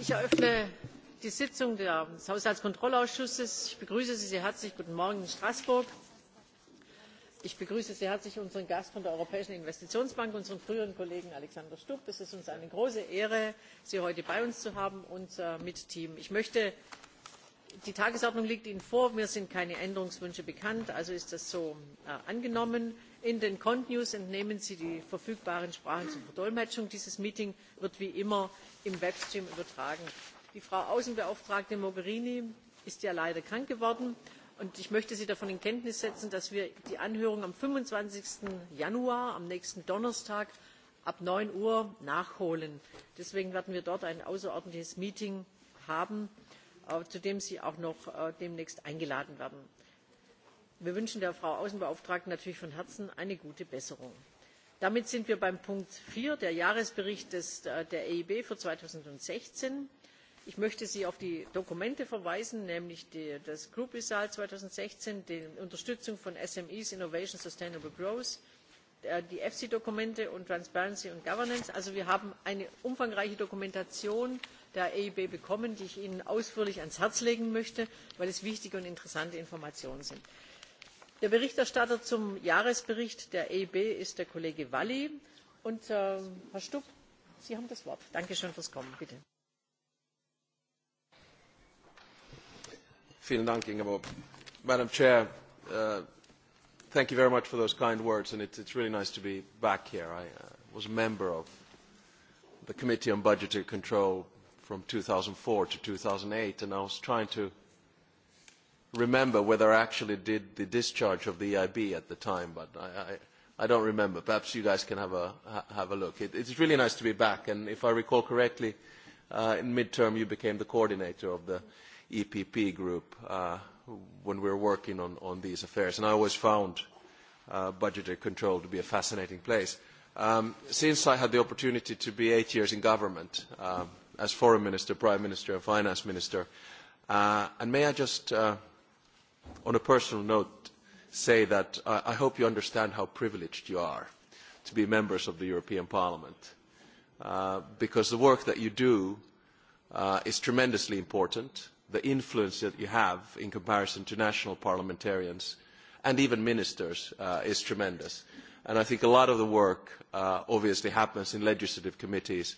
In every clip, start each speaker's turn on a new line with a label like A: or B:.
A: ich eröffne die sitzung des haushaltskontrollausschusses. ich begrüße sie sehr herzlich guten morgen in straßburg. ich begrüße sehr herzlich unseren gast von der europäischen investitionsbank unseren früheren kollegen alexander stubb. es ist uns eine große ehre sie heute bei uns zu haben und mit team. ich möchte die tagesordnung liegt ihnen vor mir sind keine änderungswünsche bekannt also ist das so äh, angenommen in den Kontinuus entnehmen Sie die verfügbaren Sprachen zur Verdolmetschung. Dieses Meeting wird wie immer im Webstream übertragen. Die Frau Außenbeauftragte Mogherini ist ja leider krank geworden. Und ich möchte Sie davon in Kenntnis setzen, dass wir die Anhörung am 25. Januar, am nächsten Donnerstag, ab 9 Uhr nachholen. Deswegen werden wir dort ein außerordentliches Meeting haben, äh, zu dem Sie auch noch äh, demnächst eingeladen werden wir wünschen der frau außenbeauftragten natürlich von herzen eine gute besserung. damit sind wir beim punkt vier der jahresbericht äh, der eib für. zweitausendsechzehn ich möchte sie auf die dokumente verweisen nämlich das group result zweitausendsechzehn die unterstützung von smes innovation sustainable growth äh, die efsi dokumente und transparency and governance. also wir haben eine umfangreiche dokumentation der eib bekommen die ich ihnen ausführlich ans herz legen möchte weil es wichtige und interessante informationen sind der berichterstatter zum jahresbericht der eib ist der kollege valli und äh, herr stubb sie haben das wort. danke schön fürs kommen. bitte.
B: Dank, madam president uh, thank you very much for those kind words and it is really nice to be back here. i uh, was a member of the committee on budgetary control from two thousand and four to two thousand and eight and i was trying to remember whether I actually did the discharge of the EIB at the time, but I, I, I don't remember. Perhaps you guys can have a, ha, have a look. It, it's really nice to be back, and if I recall correctly, uh, in midterm you became the coordinator of the EPP group uh, when we were working on, on these affairs, and I always found uh, budgetary control to be a fascinating place. Um, since I had the opportunity to be eight years in government, um, as foreign minister, prime minister, and finance minister, uh, and may I just uh, on a personal note, say that I, I hope you understand how privileged you are to be members of the European Parliament, uh, because the work that you do uh, is tremendously important. The influence that you have in comparison to national parliamentarians and even ministers uh, is tremendous. And I think a lot of the work uh, obviously happens in legislative committees,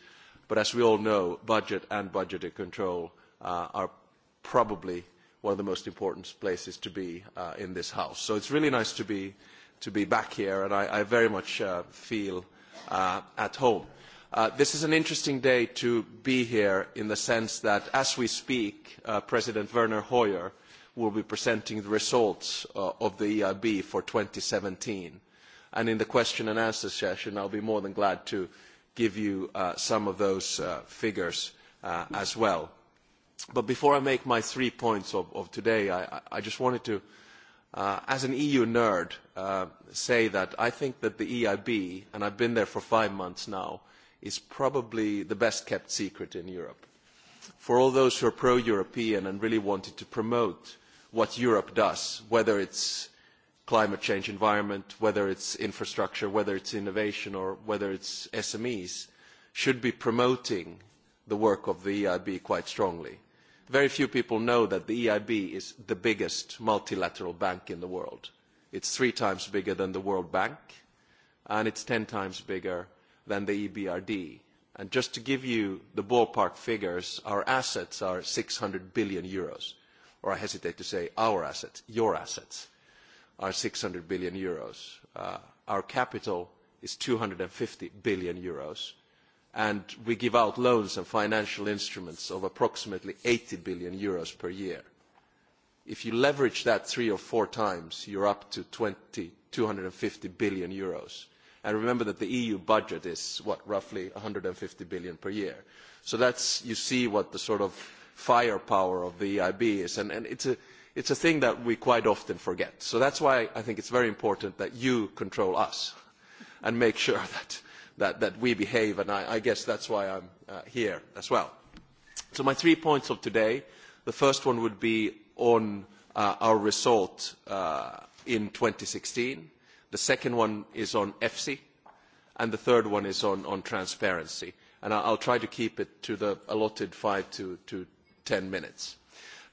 B: but as we all know, budget and budgetary control uh, are probably one of the most important places to be uh, in this House. So it's really nice to be, to be back here, and I, I very much uh, feel uh, at home. Uh, this is an interesting day to be here in the sense that as we speak, uh, President Werner Hoyer will be presenting the results uh, of the EIB for seventeen And in the question and answer session, I will be more than glad to give you uh, some of those uh, figures uh, as well. But before I make my three points of, of today, I, I just wanted to, uh, as an EU nerd, uh, say that I think that the EIB, and I've been there for five months now, is probably the best kept secret in Europe. For all those who are pro-European and really wanted to promote what Europe does, whether it's climate change environment, whether it's infrastructure, whether it's innovation, or whether it's SMEs, should be promoting the work of the EIB quite strongly very few people know that the EIB is the biggest multilateral bank in the world. It is three times bigger than the World Bank, and it is ten times bigger than the EBRD. And just to give you the ballpark figures, our assets are EUR six hundred billion euros, or I hesitate to say our assets, your assets are EUR six hundred billion euros. Uh, our capital is EUR two hundred and fifty billion euros and we give out loans and financial instruments of approximately EUR eighty billion Euros per year. If you leverage that three or four times, you are up to 20, fifty billion Euros. And remember that the EU budget is, what, roughly one hundred and fifty billion per year. So that's, you see what the sort of firepower of the EIB is. And, and it's, a, it's a thing that we quite often forget. So that's why I think it's very important that you control us and make sure that that, that we behave, and I, I guess that's why I'm uh, here as well. So my three points of today, the first one would be on uh, our result uh, in sixteen, the second one is on EFSI, and the third one is on, on transparency. And I, I'll try to keep it to the allotted five to, to ten minutes.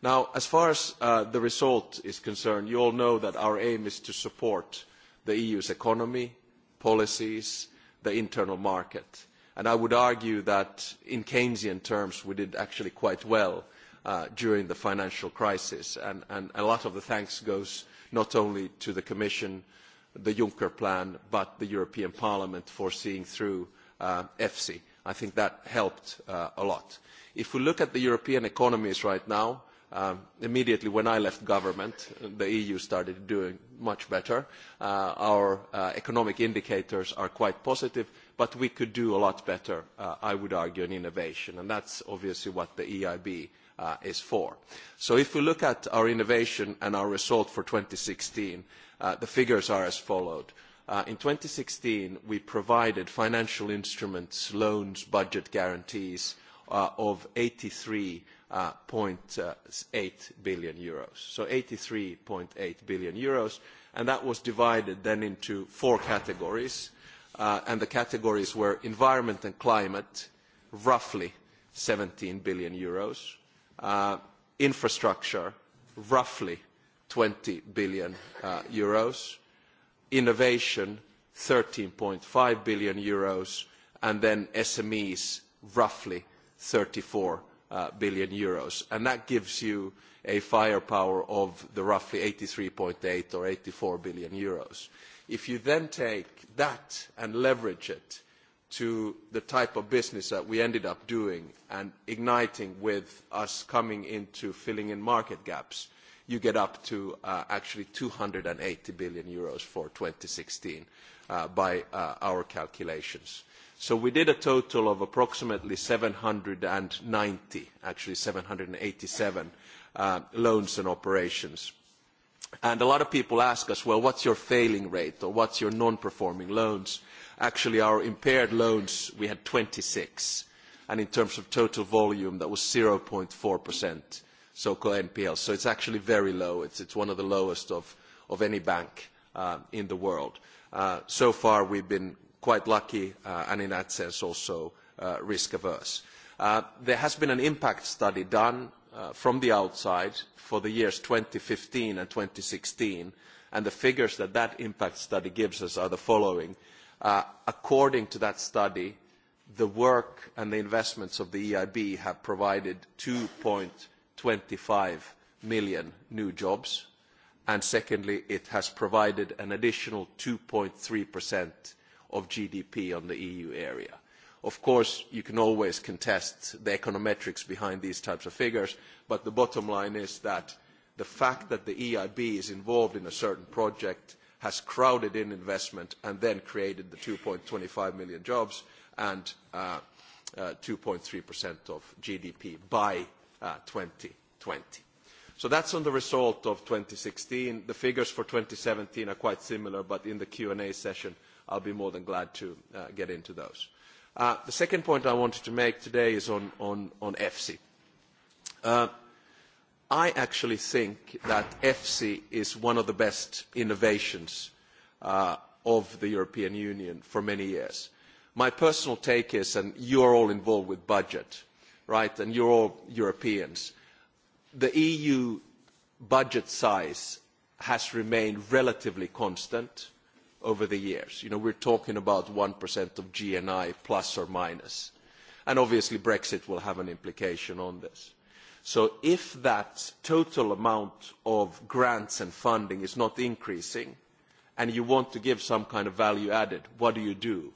B: Now, as far as uh, the result is concerned, you all know that our aim is to support the EU's economy, policies, the internal market. And I would argue that in Keynesian terms, we did actually quite well uh, during the financial crisis. And, and a lot of the thanks goes not only to the Commission, the Juncker plan, but the European Parliament for seeing through EFSI. Uh, I think that helped uh, a lot. If we look at the European economies right now, Um, immediately when I left government, the EU started doing much better. Uh, our uh, economic indicators are quite positive, but we could do a lot better, uh, I would argue, in innovation, and that is obviously what the EIB is for. So if we look at our innovation and our result for sixteen, the figures are as follows. thousand and sixteen we provided financial instruments, loans, budget guarantees of EUR eighty three uh, 0.8 uh, billion euros. 83.8 billion euros, and that was divided then into four categories. Uh, the categories were environment and climate, roughly 17 billion euros, uh, infrastructure, roughly 20 billion uh, euros, innovation, 13.5 billion euros, and then SMEs, roughly 34 Uh, billion euros, and that gives you a firepower of the roughly eighty three 83.8 or eighty four billion euros. If you then take that and leverage it to the type of business that we ended up doing and igniting with us coming into filling in market gaps, you get up to actually uh, actually two hundred and eighty billion euros for 2016 sixteen uh, by our calculations. So we did a total of approximately seven hundred and ninety, actually seven hundred and eighty seven uh, loans and operations. And a lot of people ask us, well, what's your failing rate or what's your non-performing loans? Actually, our impaired loans, we had twenty six, and in terms of total volume, that was zero percent so-called NPL. So it's actually very low. It's, it's one of the lowest of, of any bank uh, in the world. Uh, so far, we've been quite lucky uh, and in that sense also uh, risk averse. Uh, there has been an impact study done from the outside for the years fifteen and sixteen and the figures that that impact study gives us are the following. according to that study, the work and the investments of the EIB have provided two twenty five million new jobs. And secondly, it has provided an additional two 2.3% of GDP on the EU area. Of course, you can always contest the econometrics behind these types of figures, but the bottom line is that the fact that the EIB is involved in a certain project has crowded in investment and then created the two twenty five million jobs and uh, uh, two uh, three uh, of GDP by uh, twenty. So that's on the result of sixteen. The figures for seventeen are quite similar, but in the Q&A session, I'll be more than glad to uh, get into those. Uh, the second point I wanted to make today is on, on, on EFSI. Uh, I actually think that EFSI is one of the best innovations uh, of the European Union for many years. My personal take is, and you are all involved with budget, right, and you are all Europeans, the EU budget size has remained relatively constant over the years. You know, we're talking about 1% of GNI, plus or minus. And obviously, Brexit will have an implication on this. So if that total amount of grants and funding is not increasing, and you want to give some kind of value added, what do you do?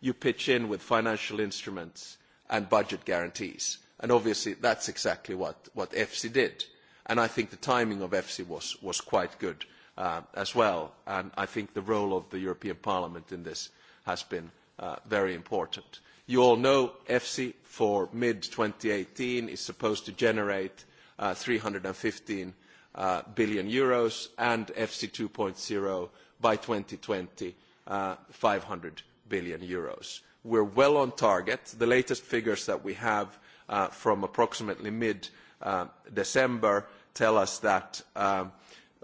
B: You pitch in with financial instruments and budget guarantees. And obviously, that's exactly what, what EFSI did. And I think the timing of EFSI was, was quite good uh, as well. And I think the role of the European Parliament in this has been uh, very important. You all know EFSI for mid-2018 is supposed to generate uh, 315 uh, billion euros and EFSI 2.0 by 2020, uh, 500 billion euros. We're well on target. The latest figures that we have uh, from approximately mid-December uh, tell us that um,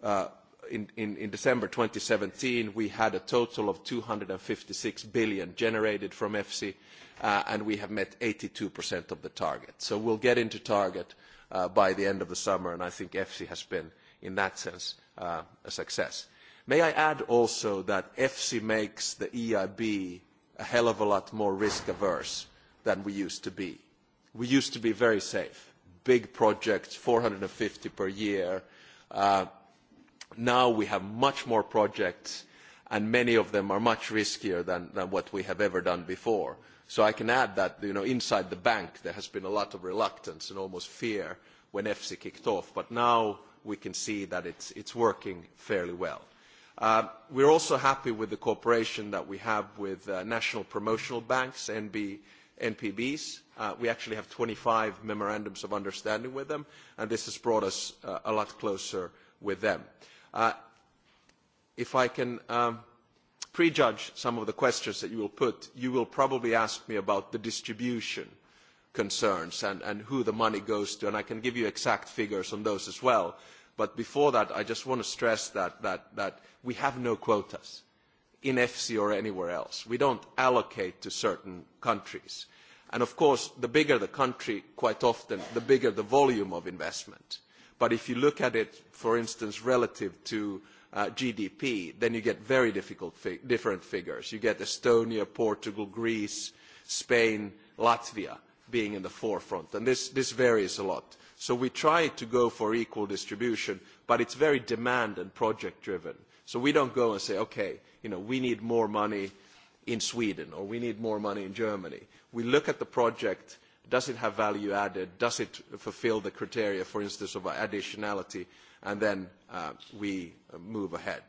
B: uh, in, in, in December 2017, we had a total of 256 billion generated from EFSI, uh, and we have met 82% of the target. So we'll get into target uh, by the end of the summer, and I think EFSI has been, in that sense, uh, a success. May I add also that EFSI makes the EIB a hell of a lot more risk-averse than we used to be. We used to be very safe. Big projects, 450 per year, Now we have much more projects, and many of them are much riskier than, than what we have ever done before. So I can add that, you know, inside the bank, there has been a lot of reluctance and almost fear when EFSI kicked off, but now we can see that it's, it's working fairly well. Uh, we're also happy with the cooperation that we have with uh, national promotional banks, NB, NPBs. Uh, we actually have twenty five memorandums of understanding with them, and this has brought us uh, a lot closer with them. Uh, if I can um, prejudge some of the questions that you will put, you will probably ask me about the distribution concerns and, who the money goes to, and I can give you exact figures on those as well. But before that, I just want to stress that, that, that we have no quotas in EFSI or anywhere else. We don't allocate to certain countries. And of course, the bigger the country, quite often, the bigger the volume of investment. Uh, But if you look at it, for instance, relative to uh, GDP, then you get very difficult different figures. You get Estonia, Portugal, Greece, Spain, Latvia being in the forefront. And this, varies a lot. So we try to go for equal distribution, but it is very demand and project driven. So we don't go and say, okay, you know, we need more money in Sweden or we need more money in Germany. We look at the project does it have value added, does it fulfil the criteria, for instance, of additionality, and then uh, we uh, move ahead.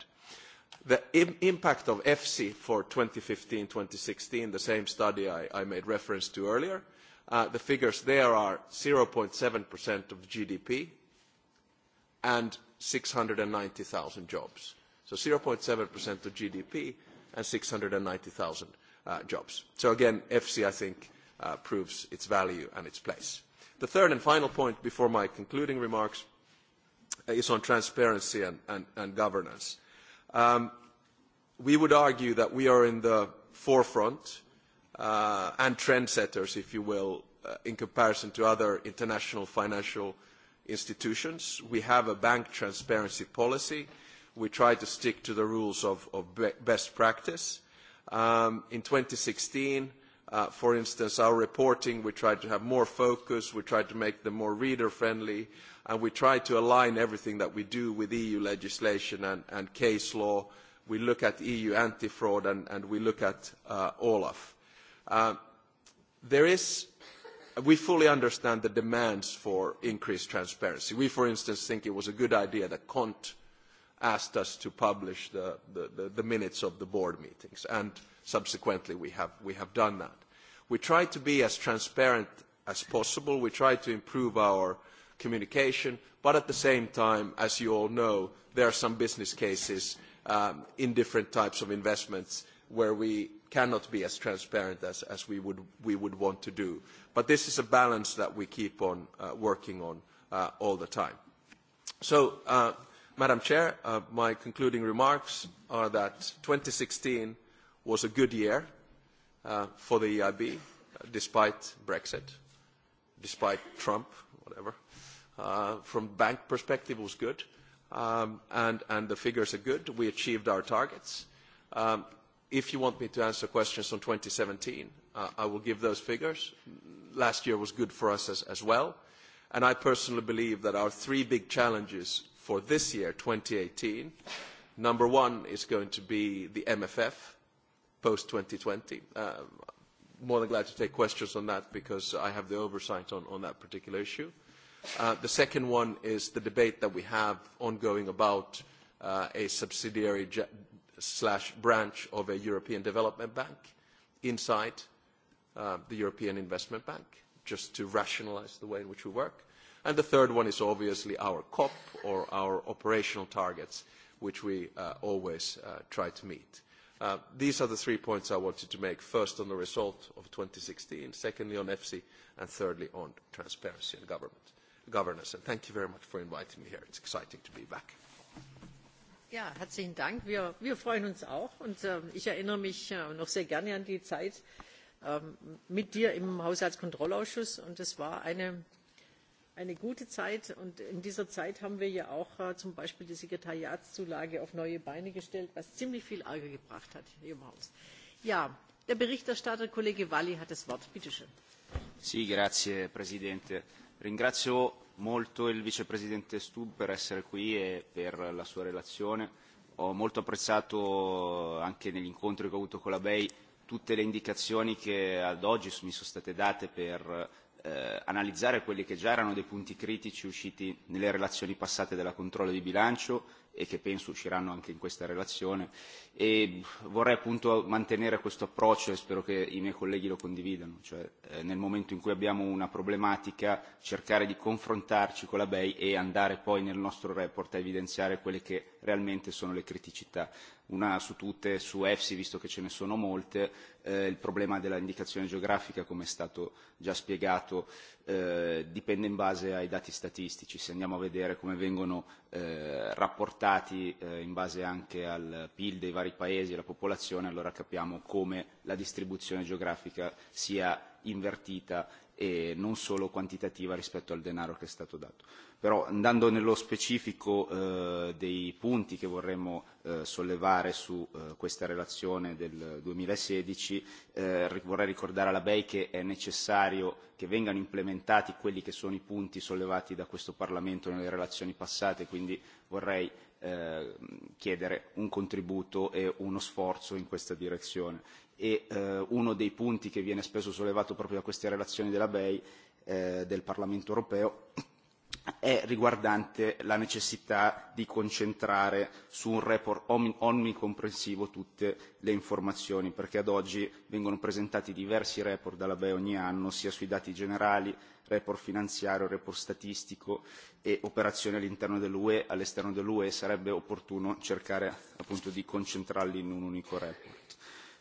B: The im impact of EFSI for 2015 sixteen, the same study I, I made reference to earlier, uh, the figures there are 0.7% of GDP and six hundred and ninety 690,000 jobs. So 0.7% of GDP and six hundred and ninety 690,000 uh, jobs. So again, EFSI, I think, Uh, proves its value and its place. The third and final point before my concluding remarks uh, is on transparency and, and, and governance. Um, we would argue that we are in the forefront uh, and trendsetters, if you will, uh, in comparison to other international financial institutions. We have a bank transparency policy. We try to stick to the rules of, of best practice. Um, in 2016, Uh, for instance, our reporting, we tried to have more focus, we tried to make them more reader-friendly, and we tried to align everything that we do with EU legislation and, and case law. We look at EU anti-fraud, and, and we look at uh, Olaf. Uh, there is we fully understand the demands for increased transparency. We, for instance, think it was a good idea that Cont asked us to publish the, the, the minutes of the board meetings, and subsequently we have, we have done that. We try to be as transparent as possible. We try to improve our communication, but at the same time, as you all know, there are some business cases um, in different types of investments where we cannot be as transparent as, as we, would, we would want to do. But this is a balance that we keep on uh, working on uh, all the time. So, uh, Madam Chair, uh, my concluding remarks are that sixteen was a good year uh, for the EIB, despite Brexit, despite Trump, whatever. Uh, from bank perspective was good, um, and, and the figures are good. We achieved our targets. Um, if you want me to answer questions on 2017, uh, I will give those figures. Last year was good for us as, as well. And I personally believe that our three big challenges for this year, 2018, number one is going to be the MFF, post-2020. Uh, um, more than glad to take questions on that because I have the oversight on, on that particular issue. Uh, the second one is the debate that we have ongoing about uh, a subsidiary slash branch of a European Development Bank inside uh, the European Investment Bank, just to rationalize the way in which we work. And the third one is obviously our COP or our operational targets, which we uh, always uh, try to meet. Uh, these are the three points I wanted to make. First, on the result of sixteen, secondly, on EFSI, and thirdly, on transparency and governance. thank you very much for inviting me here. It's exciting to be back.
A: Ja, herzlichen Dank. Wir, freuen uns auch. Und ähm, ich erinnere mich äh, noch sehr gerne an die Zeit ähm, mit dir im Haushaltskontrollausschuss. Und es war eine eine gute Zeit. Und in dieser Zeit haben wir ja auch äh, zum Beispiel die Sekretariatszulage auf neue Beine gestellt, was ziemlich viel Ärger gebracht hat hier im Haus. Ja, der Berichterstatter, Kollege Valli, hat das Wort. Bitte schön.
C: Sì, grazie Presidente. Ringrazio molto il Vicepresidente Stubb per essere qui e per la sua relazione. Ho molto apprezzato eh, anche negli incontri che ho avuto con la BEI tutte le indicazioni che ad oggi mi sono state date per eh, eh, analizzare quelli che già erano dei punti critici usciti nelle relazioni passate della controllo di bilancio e che penso usciranno anche in questa relazione e vorrei appunto mantenere questo approccio e spero che i miei colleghi lo condividano, cioè eh, nel momento in cui abbiamo una problematica cercare di confrontarci con la BEI e andare poi nel nostro report a evidenziare quelle che realmente sono le criticità una su tutte su EFSI, visto che ce ne sono molte, eh, il problema dell'indicazione geografica, come è stato già spiegato, eh, dipende in base ai dati statistici. Se andiamo a vedere come vengono eh, rapportati eh, in base anche al PIL dei vari paesi e alla popolazione, allora capiamo come la distribuzione geografica sia invertita e non solo quantitativa rispetto al denaro che è stato dato. Però andando nello specifico eh, dei punti che vorremmo eh, sollevare su eh, questa relazione del 2016, eh, vorrei ricordare alla BEI che è necessario che vengano implementati quelli che sono i punti sollevati da questo Parlamento nelle relazioni passate, quindi vorrei Ehm, chiedere un contributo e uno sforzo in questa direzione. E eh, uno dei punti che viene spesso sollevato proprio da queste relazioni della BEI eh, del Parlamento europeo è riguardante la necessità di concentrare su un report omnicomprensivo tutte le informazioni, perché ad oggi vengono presentati diversi report dalla BEI ogni anno, sia sui dati generali, report finanziario, report statistico e operazioni all'interno dell'UE, all'esterno dell'UE, sarebbe opportuno cercare appunto di concentrarli in un unico report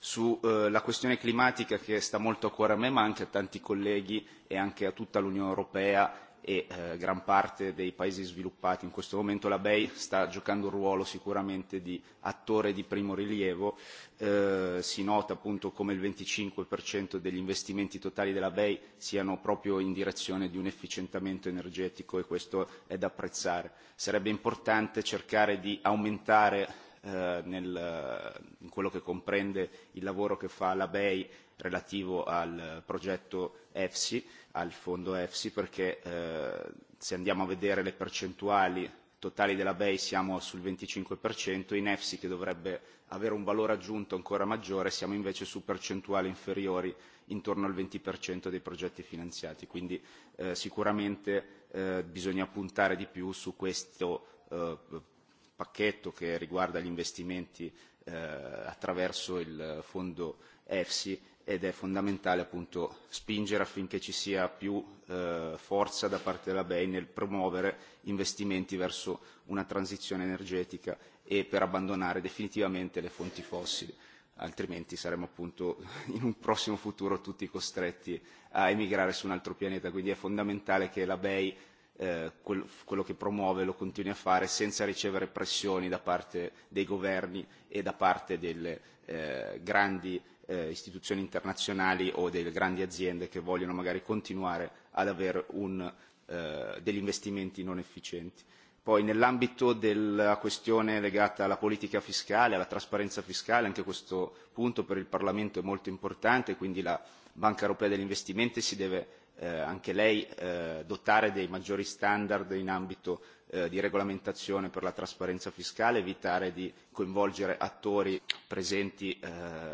C: sulla eh, questione climatica che sta molto a cuore a me ma anche a tanti colleghi e anche a tutta l'Unione Europea e eh, gran parte dei paesi sviluppati in questo momento la BEI sta giocando un ruolo sicuramente di attore di primo rilievo, eh, si nota appunto come il 25% degli investimenti totali della BEI siano proprio in direzione di un efficientamento energetico e questo è da apprezzare. Sarebbe importante cercare di aumentare eh, nel, in quello che comprende il lavoro che fa la BEI relativo al progetto EFSI, al fondo EFSI, perché eh, se andiamo a vedere le percentuali totali della BEI siamo sul 25%, in EFSI che dovrebbe avere un valore aggiunto ancora maggiore siamo invece su percentuali inferiori intorno al 20% dei progetti finanziati, quindi eh, sicuramente eh, bisogna puntare di più su questo eh, pacchetto che riguarda gli investimenti eh, attraverso il fondo EFSI ed è fondamentale appunto spingere affinché ci sia più eh, forza da parte della BEI nel promuovere investimenti verso una transizione energetica e per abbandonare definitivamente le fonti fossili, altrimenti saremo appunto in un prossimo futuro tutti costretti a emigrare su un altro pianeta, quindi è fondamentale che la BEI eh, quel, quello che promuove lo continui a fare senza ricevere pressioni da parte dei governi e da parte delle eh, grandi eh, istituzioni internazionali o delle grandi aziende che vogliono magari continuare ad avere un, eh, degli investimenti non efficienti. Poi nell'ambito della questione legata alla politica fiscale, alla trasparenza fiscale, anche questo punto per il Parlamento è molto importante, quindi la Banca Europea degli Investimenti si deve eh, anche lei eh, dotare dei maggiori standard in ambito Eh, di regolamentazione per la trasparenza fiscale, evitare di coinvolgere attori presenti eh,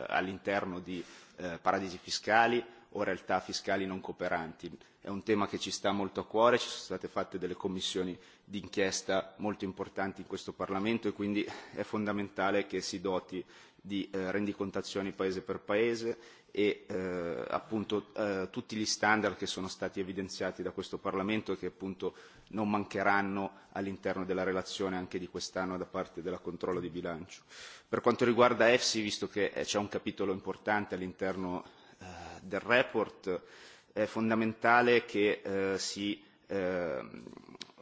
C: all'interno di eh, paradisi fiscali o realtà fiscali non cooperanti. È un tema che ci sta molto a cuore, ci sono state fatte delle commissioni d'inchiesta molto importanti in questo Parlamento e quindi è fondamentale che si doti di eh, rendicontazioni paese per paese e eh, appunto eh, tutti gli standard che sono stati evidenziati da questo Parlamento e che appunto non mancheranno all'interno della relazione anche di quest'anno da parte della controllo di bilancio. Per quanto riguarda EFSI, visto che eh, c'è un capitolo importante all'interno eh, del report, è fondamentale che eh, si, eh,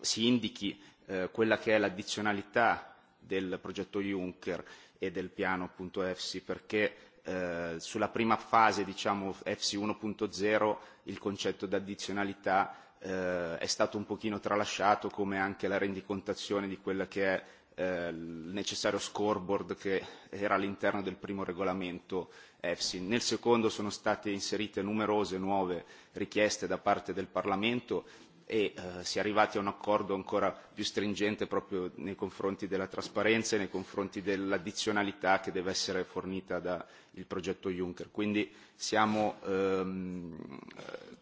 C: si indichi eh, quella che è l'addizionalità del progetto Juncker e del piano appunto EFSI perché eh, sulla prima fase diciamo EFSI 1.0 il concetto di addizionalità eh, è stato un pochino tralasciato come anche la rendicontazione di quella che è eh, il necessario scoreboard che era all'interno del primo regolamento EFSI. Nel secondo sono state inserite numerose nuove richieste da parte del Parlamento e eh, si è arrivati a un accordo ancora più stringente proprio nei confronti della trasparenza e nei confronti dell'addizionalità che deve essere fornita dal progetto Juncker. Quindi siamo ehm,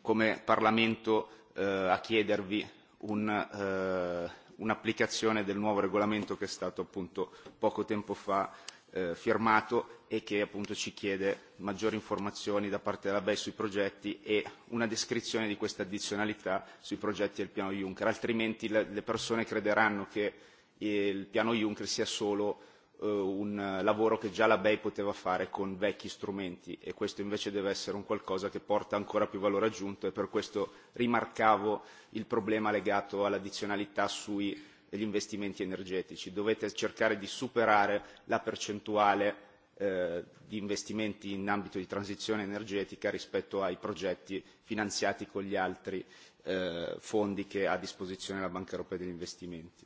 C: come Parlamento eh, a chiedervi un, eh, un'applicazione del nuovo regolamento che è stato appunto poco tempo fa eh, firmato e che appunto ci chiede maggiori informazioni da parte della BEI sui progetti e una descrizione di questa addizionalità sui progetti del piano Juncker, altrimenti le persone crederanno che il piano Juncker sia solo eh, un lavoro che già la BEI poteva fare con vecchi strumenti e questo invece deve essere un qualcosa che porta ancora più valore aggiunto e per questo rimarcavo il problema legato all'addizionalità sui degli investimenti energetici, dovete cercare di superare la percentuale eh, di investimenti in ambito di transizione energetica rispetto ai progetti finanziati con gli altri eh, fondi che ha a disposizione la Banca Europea degli investimenti.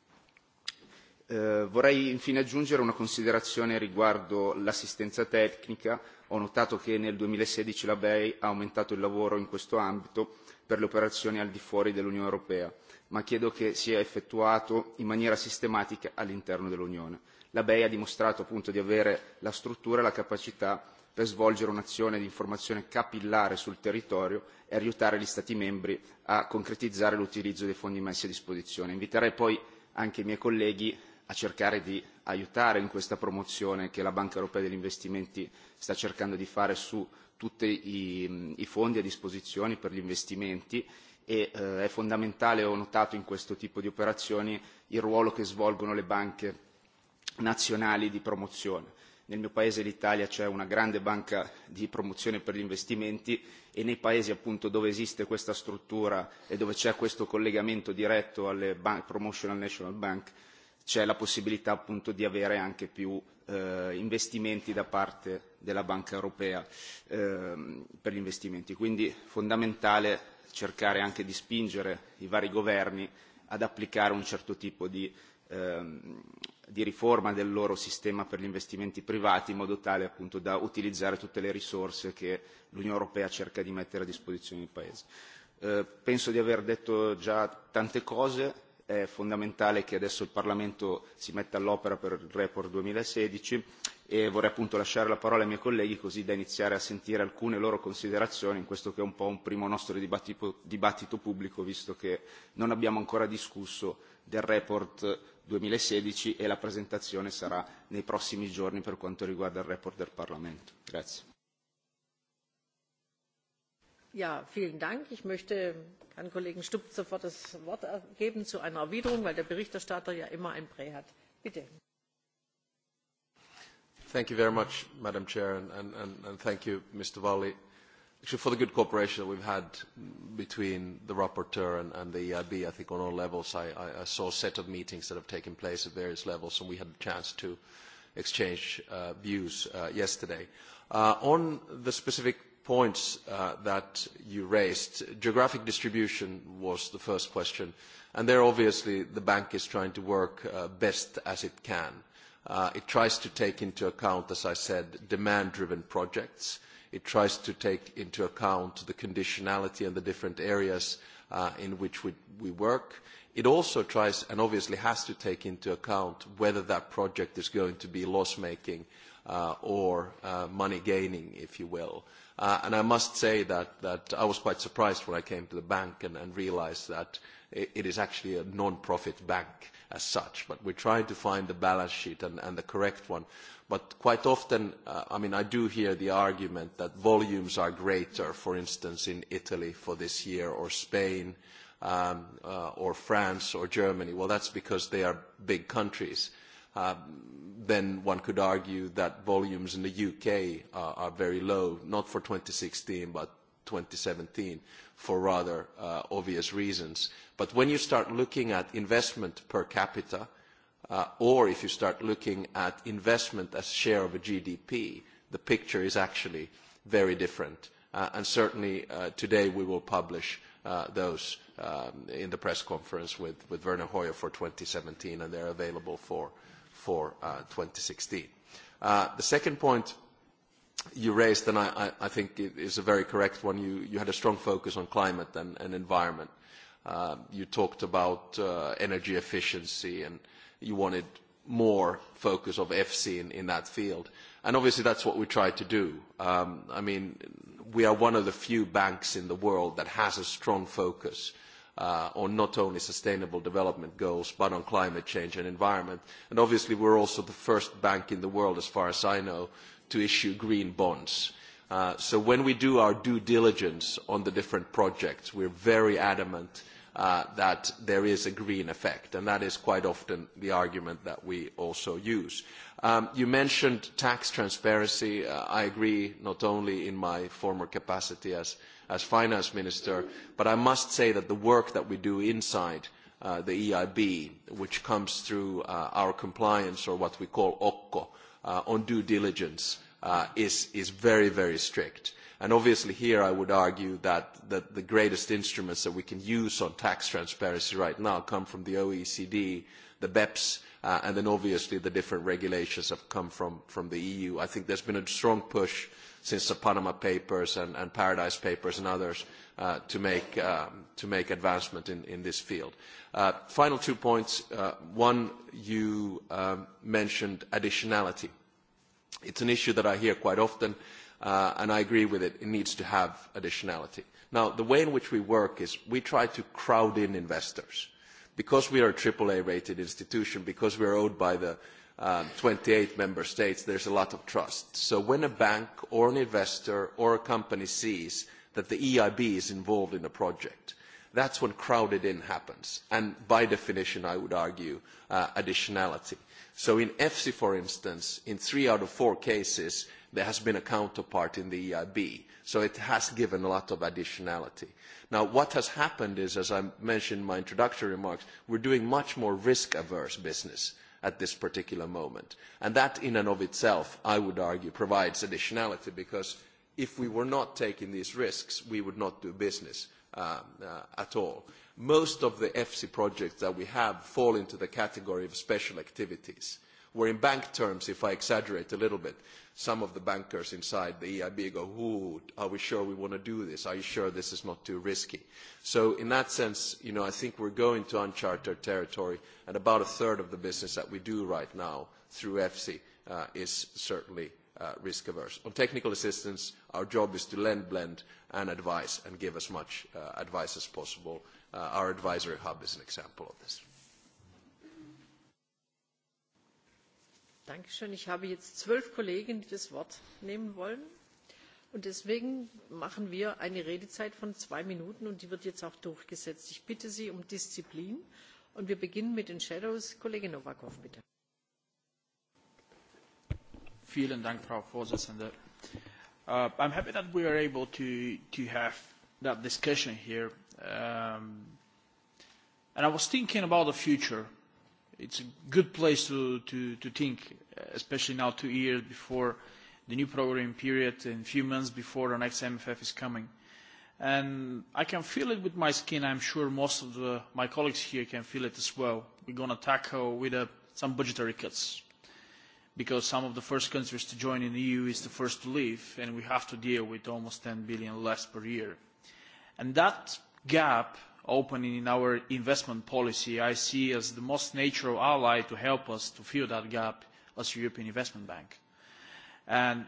C: Eh, vorrei infine aggiungere una considerazione riguardo l'assistenza tecnica. Ho notato che nel duemilasedici la BEI ha aumentato il lavoro in questo ambito per le operazioni al di fuori dell'Unione Europea, ma chiedo che sia effettuato in maniera sistematica all'interno dell'Unione. La BEI ha dimostrato appunto di avere la struttura e la capacità per svolgere un'azione di informazione capillare sul territorio e aiutare gli Stati membri a concretizzare l'utilizzo dei fondi messi a disposizione. Inviterei poi anche i miei colleghi a cercare di aiutare in questa promozione che la Banca Europea degli Investimenti sta cercando di fare su tutti i, i fondi a disposizione per gli investimenti e eh, è fondamentale, ho notato in questo tipo di operazioni, il ruolo che svolgono le banche nazionali di promozione. Nel mio paese l'Italia c'è una grande banca di promozione per gli investimenti e nei paesi appunto dove esiste questa struttura e dove c'è questo collegamento diretto alle ban- Promotional National Bank c'è la possibilità appunto di avere anche più eh, investimenti da parte della Banca europea ehm, per gli investimenti. Quindi è fondamentale cercare anche di spingere i vari governi ad applicare un certo tipo di, ehm, di riforma del loro sistema per gli investimenti privati in modo tale appunto da utilizzare tutte le risorse che l'Unione Europea cerca di mettere a disposizione dei Paesi. Eh, penso di aver detto già tante cose, è fondamentale che adesso il Parlamento si metta all'opera per il report duemilasedici e vorrei appunto lasciare la parola ai miei colleghi così da iniziare a sentire alcune loro considerazioni in questo che è un po' un primo nostro dibattito, dibattito pubblico visto che non abbiamo ancora discusso del report duemilasedici e la presentazione sarà nei prossimi giorni per quanto riguarda il report del Parlamento. Grazie.
A: Ja, vielen Dank. Ich möchte Herrn Kollegen Stubb sofort das Wort geben zu einer Erwiderung, weil der Berichterstatter ja immer ein Prä hat. Bitte.
B: Thank you very much, Madam Chair, and, and, and thank you, Mr. Valli, actually for the good cooperation that we've had between the rapporteur and, and the EIB, I think on all levels. I, I, I saw a set of meetings that have taken place at various levels, and we had a chance to exchange uh, views uh, yesterday. Uh, on the specific points uh, that you raised, geographic distribution was the first question, and there obviously the bank is trying to work uh, best as it can Uh, it tries to take into account, as I said, demand-driven projects. It tries to take into account the conditionality and the different areas uh, in which we, we work. It also tries and obviously has to take into account whether that project is going to be loss-making uh, or uh, money-gaining, if you will. Uh, and I must say that, that I was quite surprised when I came to the bank and, and realized that it, it is actually a non-profit bank as such. But we trying to find the balance sheet and, and the correct one. But quite often, uh, I mean, I do hear the argument that volumes are greater, for instance, in Italy for this year, or Spain, um, uh, or France, or Germany. Well, that's because they are big countries. Uh, then one could argue that volumes in the U.K. are, are very low, not for 2016, but 2017 for rather uh, obvious reasons. But when you start looking at investment per capita, uh, or if you start looking at investment as share of a GDP, the picture is actually very different. Uh, and certainly uh, today we will publish uh, those um, in the press conference with, with Werner Hoyer for seventeen and they are available for, for uh, sixteen. Uh, the second point you raised, and I, I think it is a very correct one, you, you had a strong focus on climate and, and environment. Uh, you talked about uh, energy efficiency, and you wanted more focus of FC in, in that field. And obviously, that's what we try to do. Um, I mean, we are one of the few banks in the world that has a strong focus uh, on not only sustainable development goals, but on climate change and environment. And obviously, we're also the first bank in the world, as far as I know, to issue green bonds. Uh, so when we do our due diligence on the different projects, we are very adamant uh, that there is a green effect, and that is quite often the argument that we also use. Um, you mentioned tax transparency. Uh, I agree, not only in my former capacity as, as finance minister, but I must say that the work that we do inside uh, the EIB, which comes through uh, our compliance or what we call OCCO, uh, on due diligence uh, is, is very, very strict. And obviously here I would argue that, that the greatest instruments that we can use on tax transparency right now come from the OECD, the BEPS, uh, and then obviously the different regulations have come from, from the EU. I think there's been a strong push since the Panama Papers and, and Paradise Papers and others uh, to, make, um, to make advancement in, in this field. Uh, final two points. Uh, one, you um, mentioned additionality. It is an issue that I hear quite often, uh, and I agree with it. It needs to have additionality. Now, the way in which we work is we try to crowd in investors. Because we are a AAA-rated institution, because we are owed by the um, twenty eight member states, there is a lot of trust. So when a bank or an investor or a company sees that the EIB is involved in a project, that is when crowded in happens. And by definition, I would argue, uh, additionality. So in EFSI, for instance, in three out of four cases, there has been a counterpart in the EIB. So it has given a lot of additionality. Now, what has happened is, as I mentioned in my introductory remarks, we're doing much more risk-averse business at this particular moment. And that in and of itself, I would argue, provides additionality because if we were not taking these risks, we would not do business um, uh, at all most of the EFSI projects that we have fall into the category of special activities, where in bank terms, if I exaggerate a little bit, some of the bankers inside the EIB go, ooh, are we sure we want to do this? Are you sure this is not too risky? So in that sense, you know, I think we're going to uncharted territory, and about a third of the business that we do right now through EFSI uh, is certainly uh, risk averse. On technical assistance, our job is to lend, blend, and advise, and give as much uh, advice as possible Uh, our advisory hub is an example of this.
A: Dankeschön. Ich habe jetzt zwölf Kollegen, die das Wort nehmen wollen. Und deswegen machen wir eine Redezeit von zwei Minuten und die wird jetzt auch durchgesetzt. Ich bitte Sie um Disziplin und wir beginnen mit den Shadows. Kollege Novakov, bitte.
D: Vielen Dank, Frau Vorsitzende. Uh, I'm happy that we are able to, to have that discussion here Um, and I was thinking about the future. It's a good place to, to, to think, especially now two years before the new programming period and a few months before the next MFF is coming. And I can feel it with my skin. I'm sure most of the, my colleagues here can feel it as well. We're going to tackle with uh some budgetary cuts because some of the first countries to join in the EU is the first to leave, and we have to deal with almost 10 billion less per year. And that gap opening in our investment policy, I see as the most natural ally to help us to fill that gap as the European Investment Bank. And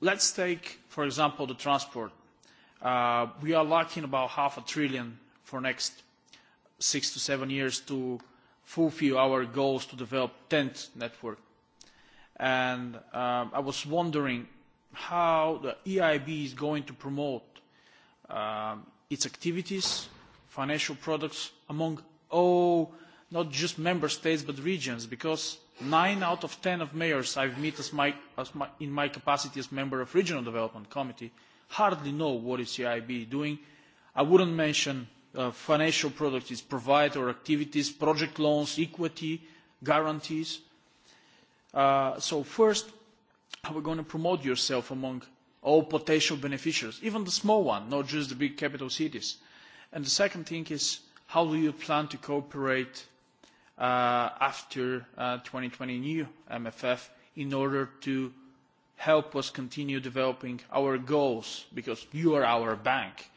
D: let's take, for example, the transport. Uh, we are lacking about half a trillion for next six to seven years to fulfill our goals to develop TENT network. And um, I was wondering how the EIB is going to promote um, its activities, financial products among all, oh, not just member states, but regions, because nine out of ten of mayors I've met as my, as my, in my capacity as member of Regional Development Committee hardly know what is CIB doing. I wouldn't mention uh, financial products it provides or activities, project loans, equity, guarantees. Uh, so first, how are we going to promote yourself among all potential beneficiaries, even the small ones, not just the big capital cities. And the second thing is, how do you plan to cooperate uh, after uh, 2020 new MFF in order to help us continue developing our goals, because you are our bank.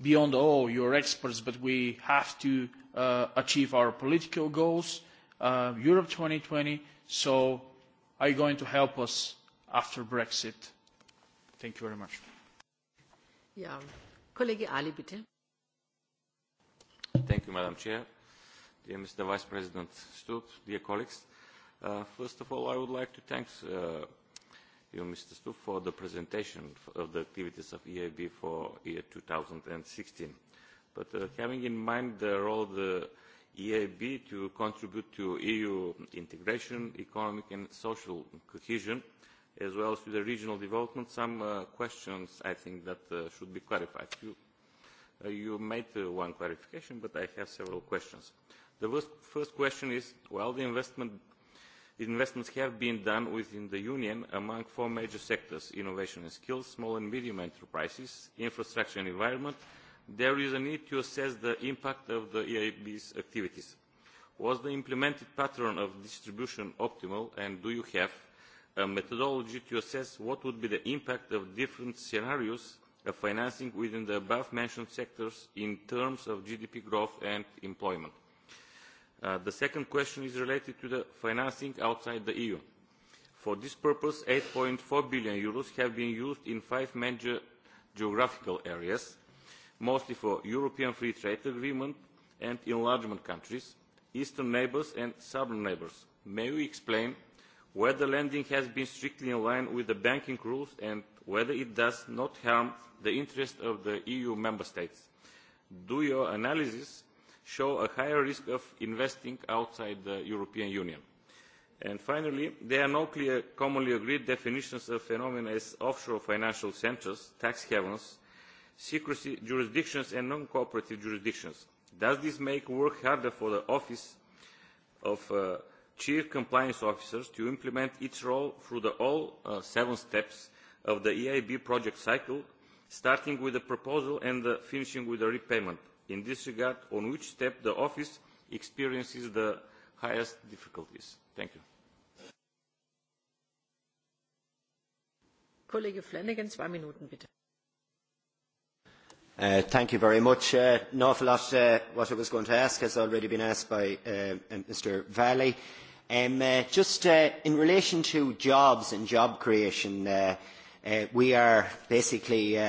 D: Beyond all, you are experts, but we have to uh, achieve our political goals, uh, Europe 2020, so are you going to help us
E: after Brexit? Thank you very much. Thank you, Madam Chair. Dear Mr. Vice President Stubb, dear colleagues, uh, first of all, I would like to thank uh, you, Mr. Stubb, for the presentation of the activities of EIB for year 2016. But uh, having in mind the role of the EIB to contribute to EU integration, economic and social cohesion, uh, as well as to the regional development, some uh, questions I think that uh, should be clarified. You, uh, you made uh, one clarification, but I have several questions. The first question is, while the investment, investments have been done within the Union among four major sectors, innovation and skills, small and medium enterprises, infrastructure and environment, there is a need to assess the impact of the EIB's activities. Was the implemented pattern of distribution optimal and do you have a methodology to assess what would be the impact of different scenarios of financing within the above mentioned sectors in terms of gdp growth and employment. Uh, the second question is related to the financing outside the eu. for this purpose eur. eight four billion Euros have been used in five major geographical areas mostly for european free trade agreement and enlargement countries eastern neighbours and southern neighbours. may you explain whether lending has been strictly in line with the banking rules and whether it does not harm the interests of the EU member states. Do your analysis show a higher risk of investing outside the European Union? And finally, there are no clear commonly agreed definitions of phenomena as offshore financial centres, tax havens, secrecy jurisdictions and non-cooperative jurisdictions. Does this make work harder for the Office of uh, chief compliance officers to implement its role through the all uh, seven steps of the EIB project cycle, starting with the proposal and uh, finishing with the repayment. In this regard, on which step the office experiences the highest difficulties? Thank you.
A: Kollege Flanagan, zwei Minuten bitte.
E: Uh,
F: thank you very much. Uh, an awful lot of uh, what I was going to ask has already been asked by Mr. Valley. Um, just in relation to jobs and job creation, we are basically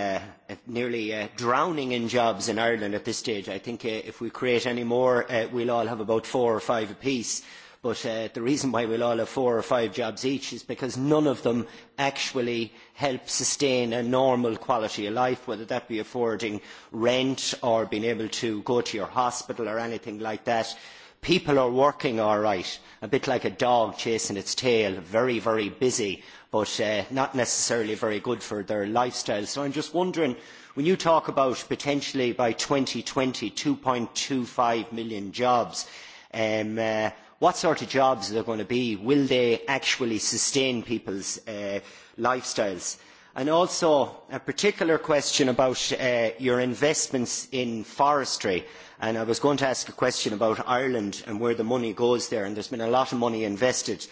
F: nearly drowning in jobs in Ireland at this stage. I think if we create any more, we will all have about four or five apiece But uh, the reason why we'll all have four or five jobs each is because none of them actually help sustain a normal quality of life, whether that be affording rent or being able to go to your hospital or anything like that people are working all right a bit like a dog chasing its tail very very busy but uh, not necessarily very good for their lifestyle so i am just wondering when you talk about potentially by two thousand and twenty two two five million jobs um, uh, what sort of jobs are there going to be? Will they actually sustain people's uh, lifestyles? And also a particular question about uh, your investments in forestry. And I was going to ask a question about Ireland and where the money goes there, and there has been a lot of money invested.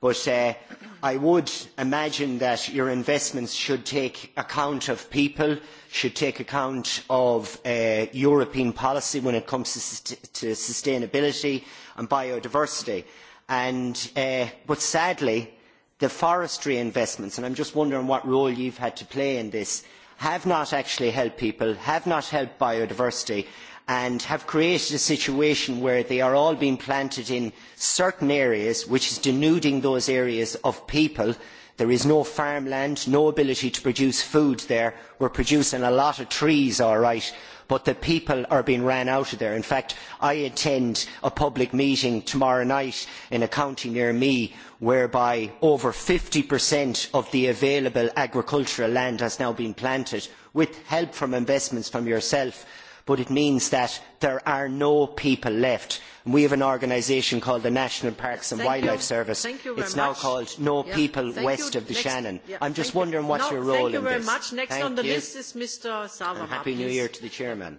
F: But uh, I would imagine that your investments should take account of people, should take account of uh, European policy when it comes to, to sustainability, and biodiversity. And, uh, but sadly, the forestry investments, and I am just wondering what role you have had to play in this, have not actually helped people, have not helped biodiversity, and have created a situation where they are all being planted in certain areas, which is denuding those areas of people. There is no farmland, no ability to produce food there. We are producing a lot of trees, all right, but the people are being ran out of there. in fact i attend a public meeting tomorrow night in a county near me whereby over fifty of the available agricultural land has now been planted with help from investments from yourself but it means that there are no people left. We have an organisation called the National Parks and thank Wildlife you. Service. It is now called No yeah. People thank West you. of the Next, Shannon. Yeah, I am just wondering you. what no, your role in this. Much. Next thank on the you. list
A: is Mr. Salama, and Happy New Year to
F: the Chairman.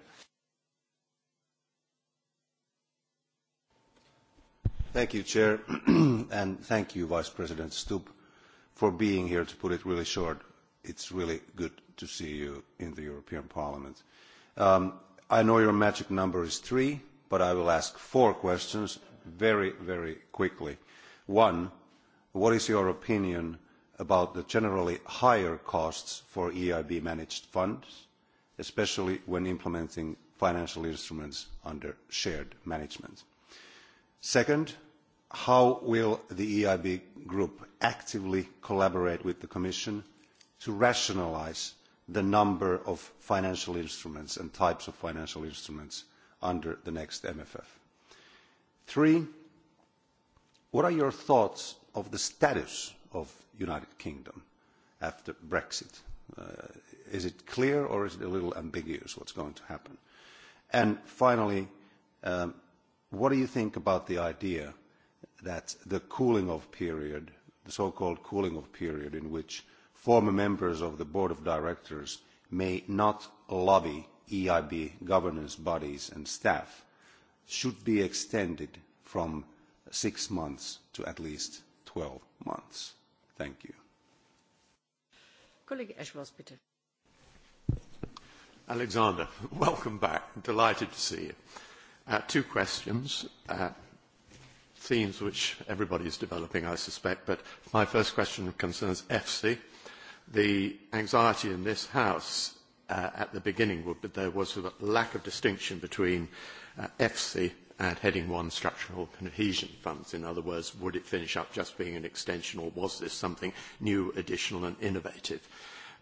G: Thank you, Chair, and thank you, Vice President Stubb, for being here. To put it really short, it's really good to see you in the European Parliament. Um, i know your magic number is three, but I will ask four questions very, very quickly. One, what is your opinion about the generally higher costs for EIB-managed funds, especially when implementing financial instruments under shared management? Second, how will the EIB group actively collaborate with the Commission to rationalise the number of financial instruments and types of financial instruments under the next MFF. Three, what are your thoughts of the status of the United Kingdom after Brexit? Uh, is it clear or is it a little ambiguous what's going to happen? And finally, um, what do you think about the idea that the cooling off period, the so-called cooling off period in which former members of the board of directors may not lobby EIB governance bodies and staff should be extended from six months to at least twelve months. Thank you.
A: Colleague Ashworth, bitte.
H: Alexander, welcome back. I'm delighted to see you. Uh, two questions, uh, themes which everybody is developing, I suspect, but my first question concerns EFSI the anxiety in this House uh, at the beginning would, but there was a lack of distinction between uh, EFSI and Heading 1 structural cohesion funds. In other words, would it finish up just being an extension or was this something new, additional and innovative?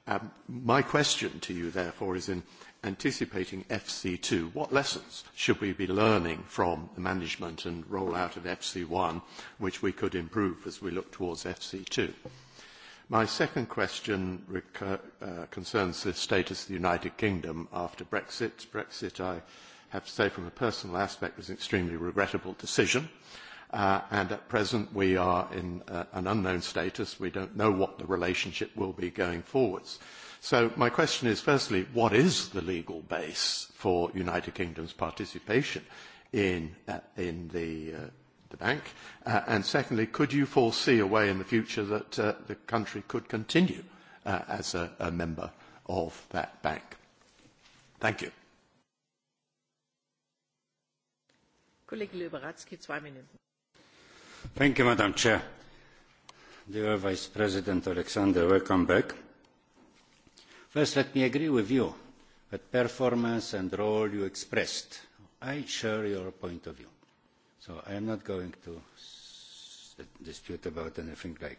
H: Um, my question to you, therefore, is in anticipating FC2, what lessons should we be learning from the management and rollout of FC1, which we could improve as we look towards FC2? My second question recur, uh, concerns the status of the United Kingdom after Brexit. Brexit, I have to say from a personal aspect, was an extremely regrettable decision. Uh, and at present, we are in uh, an unknown status. We don't know what the relationship will be going forwards. So my question is, firstly, what is the legal base for United Kingdom's participation in, uh, in the uh, the bank? Uh, and secondly, could you foresee a way in the future that uh, the country could continue uh, as a, a member of that bank? Thank you.
I: Thank you, Madam Chair. Dear Vice President Alexander, welcome back. First, let me agree with you that performance and role you expressed. I share your point of view so I am not going to dispute about anything like.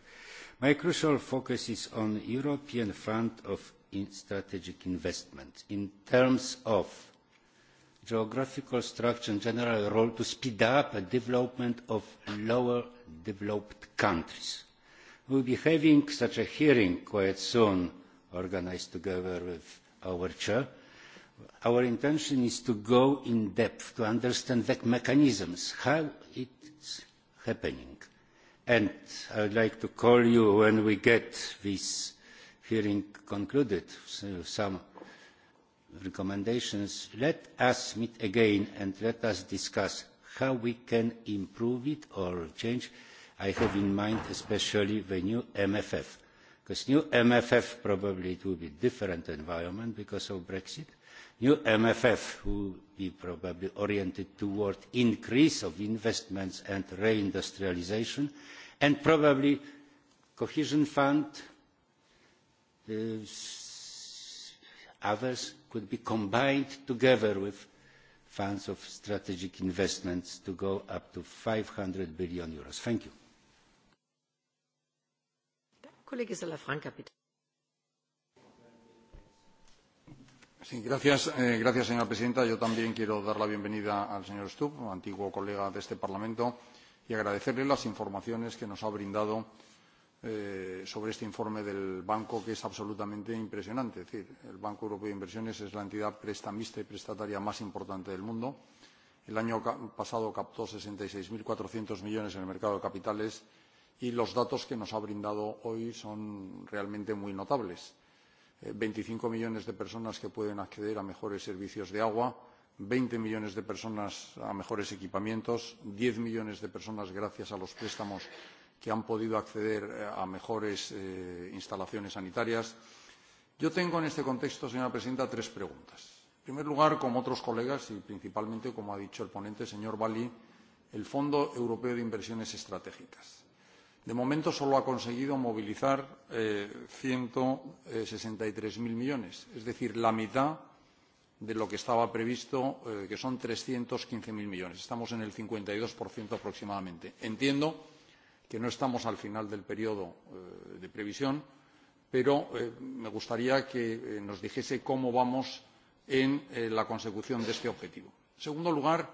I: My crucial focus is on European Fund of in Strategic Investment in terms of geographical structure and general role to speed up the development of lower developed countries. We will be having such a hearing quite soon, organised together with our chair, our intention is to go in depth, to understand the mechanisms, how it is happening. And I would like to call you when we get this hearing concluded, so some recommendations. Let us meet again and let us discuss how we can improve it or change. I have in mind especially the new MFF, because new MFF probably it will be a different environment because of Brexit new mff will be probably oriented towards an increase in investments and reindustrialisation and probably the cohesion fund and others could be combined together with funds of strategic investments to go up to eur five hundred billion. Eh, señora
J: presidenta. Yo también quiero dar la bienvenida al señor Stubb, antiguo colega de este Parlamento, y agradecerle las informaciones que nos ha brindado eh, sobre este informe del banco, que es absolutamente impresionante. Es decir, el Banco Europeo de Inversiones es la entidad prestamista y prestataria más importante del mundo. El año pasado captó sesenta y seis cuatrocientos millones en el mercado de capitales y los datos que nos ha brindado hoy son realmente muy notables. Eh, veinticinco millones de personas que pueden acceder a mejores servicios de agua veinte millones de personas a mejores equipamientos diez millones de personas gracias a los préstamos que han podido acceder eh, a mejores eh, instalaciones sanitarias. yo tengo en este contexto señora presidenta tres preguntas. en primer lugar como otros colegas y principalmente como ha dicho el ponente señor valli el fondo europeo de inversiones estratégicas De momento solo ha conseguido movilizar eh, ciento sesenta y tres cero millones, es decir, la mitad de lo que estaba previsto, eh, que son trescientos quince cero millones. Estamos en el cincuenta y dos aproximadamente. Entiendo que no estamos al final del periodo eh, de previsión, pero me gustaría que nos dijese cómo vamos en la consecución de este objetivo. En segundo lugar,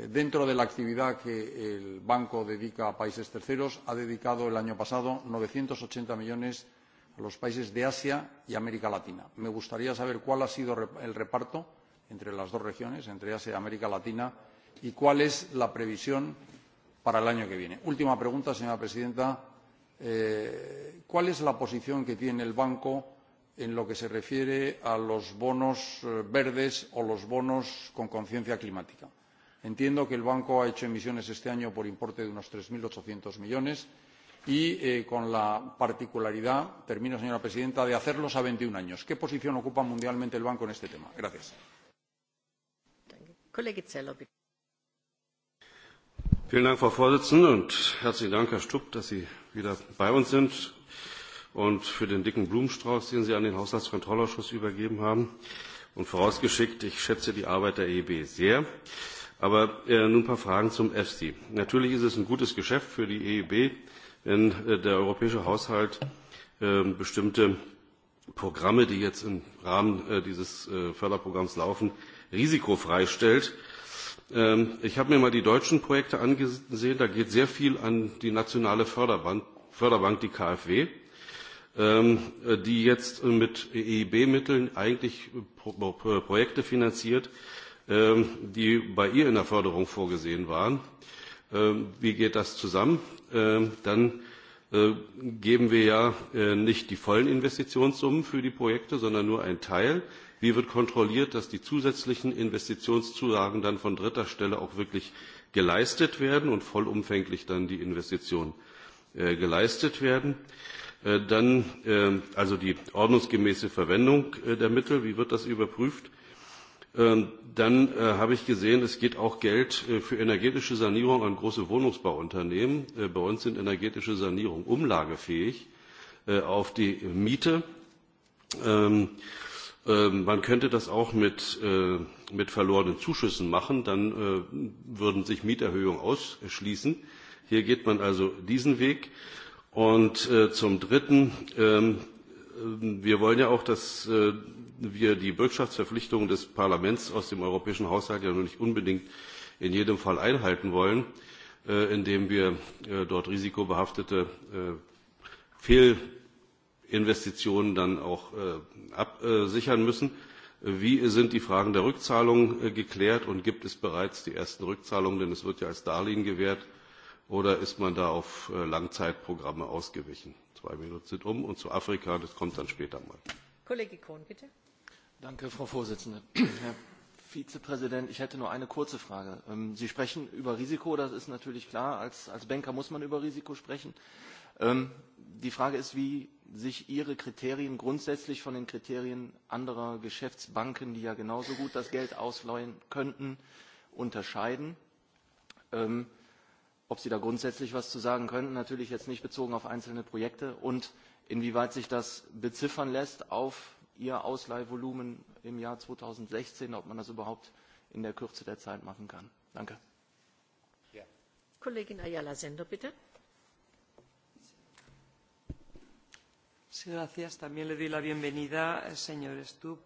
J: Eh, dentro de la actividad que el banco dedica a países terceros ha dedicado el año pasado novecientos ochenta millones a los países de asia y américa latina. me gustaría saber cuál ha sido el reparto entre las dos regiones entre asia y américa latina y cuál es la previsión para el año que viene. última pregunta señora presidenta eh, cuál es la posición que tiene el banco en lo que se refiere a los bonos eh, verdes o los bonos con conciencia climática? Entiendo que el banco ha hecho emisiones este año por importe de unos tres ochocientos millones y eh, con la particularidad, termino señora presidenta, de hacerlos a veintiún años. ¿Qué posición ocupa mundialmente el banco en este tema? Gracias.
K: Vielen Dank, Frau Vorsitzende, und herzlichen Dank, Herr Stubb, dass Sie wieder bei uns sind und für den dicken Blumenstrauß, den Sie an den Haushaltskontrollausschuss übergeben haben. Und vorausgeschickt, ich schätze die Arbeit der EIB sehr. Aber äh, nun ein paar Fragen zum EFSI. Natürlich ist es ein gutes Geschäft für die EIB, e wenn äh, der europäische Haushalt äh, bestimmte Programme, die jetzt im Rahmen äh, dieses äh, Förderprogramms laufen, risikofrei stellt. Ähm, ich habe mir mal die deutschen Projekte angesehen. Da geht sehr viel an die nationale Förderbank, Förderbank die KfW ähm, äh, die jetzt mit EIB-Mitteln e eigentlich Projekte finanziert, Ähm, die bei ihr in der Förderung vorgesehen waren. Ähm, wie geht das zusammen? Ähm, dann äh, geben wir ja äh, nicht die vollen Investitionssummen für die Projekte, sondern nur einen Teil. Wie wird kontrolliert, dass die zusätzlichen Investitionszusagen dann von dritter Stelle auch wirklich geleistet werden und vollumfänglich dann die Investitionen äh, geleistet werden? Dann also die ordnungsgemäße Verwendung der Mittel, wie wird das überprüft? Ähm, dann äh, habe ich gesehen, es geht auch Geld äh, für energetische Sanierung an große Wohnungsbauunternehmen. Äh, bei uns sind energetische Sanierungen umlagefähig auf die Miete. Ähm, ähm, man könnte das auch mit, mit verlorenen Zuschüssen machen, dann würden sich Mieterhöhungen ausschließen. Hier geht man also diesen Weg. Und zum Dritten, wir wollen ja auch, dass wir die Bürgschaftsverpflichtungen des Parlaments aus dem europäischen Haushalt ja nun nicht unbedingt in jedem Fall einhalten wollen, äh, indem wir äh, dort risikobehaftete äh, Fehlinvestitionen dann auch absichern müssen. Wie sind die Fragen der Rückzahlung geklärt und gibt es bereits die ersten Rückzahlungen? Denn es wird ja als Darlehen gewährt. Oder ist man da auf Langzeitprogramme ausgewichen? Zwei Minuten sind um und zu Afrika, das kommt dann später mal.
A: Kollege cohn bitte.
D: Danke, Frau Vorsitzende. Herr
B: Vizepräsident, ich hätte nur eine kurze Frage. Ähm, Sie sprechen über Risiko, das ist natürlich klar. Als, als Banker muss man über Risiko sprechen. Ähm, die Frage ist, wie sich Ihre Kriterien grundsätzlich von den Kriterien anderer Geschäftsbanken, die ja genauso gut das Geld ausleihen könnten, unterscheiden. Ähm, ob Sie da grundsätzlich was zu sagen könnten, natürlich jetzt nicht bezogen auf einzelne Projekte und inwieweit sich das
D: beziffern lässt auf Ihr Ausleihvolumen im Jahr 2016, ob man das überhaupt
B: in der Kürze der Zeit machen kann. Danke.
I: Ja.
A: Kollegin Ayala Sender, bitte.
L: Sí, gracias. También le doy la bienvenida, señor Stubb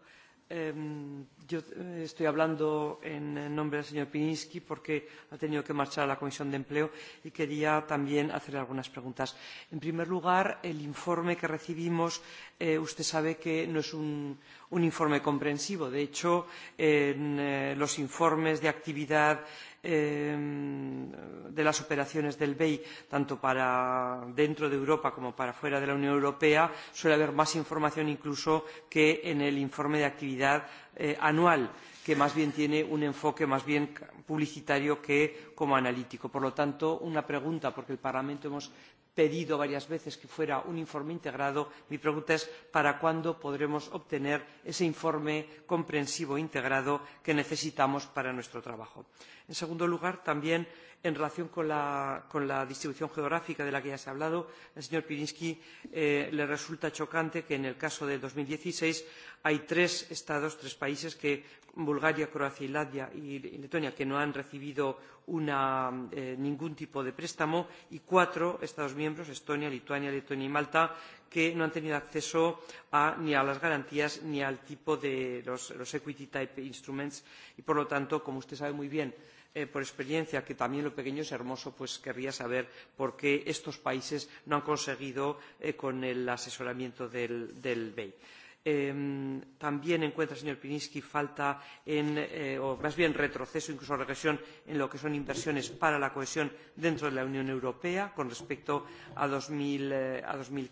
L: yo eh, estoy hablando en nombre del señor Pirinski porque ha tenido que marchar a la Comisión de Empleo y quería también hacerle algunas preguntas. En primer lugar, el informe que recibimos, eh, usted sabe que no es un, informe comprensivo. De hecho, en eh, los informes de actividad de las operaciones del bei tanto para dentro de europa como para fuera de la unión europea suele haber más información incluso que en el informe de actividad eh, anual que más bien tiene un enfoque más bien publicitario que como analítico. por lo tanto una pregunta porque el parlamento hemos pedido varias veces que fuera un informe integrado mi pregunta es para cuándo podremos obtener ese informe comprensivo integrado que necesitamos para nuestro trabajo? en segundo lugar también en relación con la, con la distribución geográfica de la que ya se ha hablado al señor pirinski eh, le resulta chocante que en el caso de dos mil dieciseis hay tres estados tres países que, bulgaria croacia islandia y letonia que no han recibido una, eh, ningún tipo de préstamo y cuatro estados miembros estonia lituania letonia y malta que no han tenido acceso a, ni a las garantías ni al tipo de los, los equity type instruments y por lo tanto como usted sabe muy bien Eh, por experiencia que también lo pequeño es hermoso, pues querría saber por qué estos países no han conseguido eh, con el asesoramiento del, del BEI. Eh, también encuentra, señor Pirinski, falta en, eh, o más bien retroceso, incluso regresión en lo que son inversiones para la cohesión dentro de la Unión Europea con respecto a dos mil eh,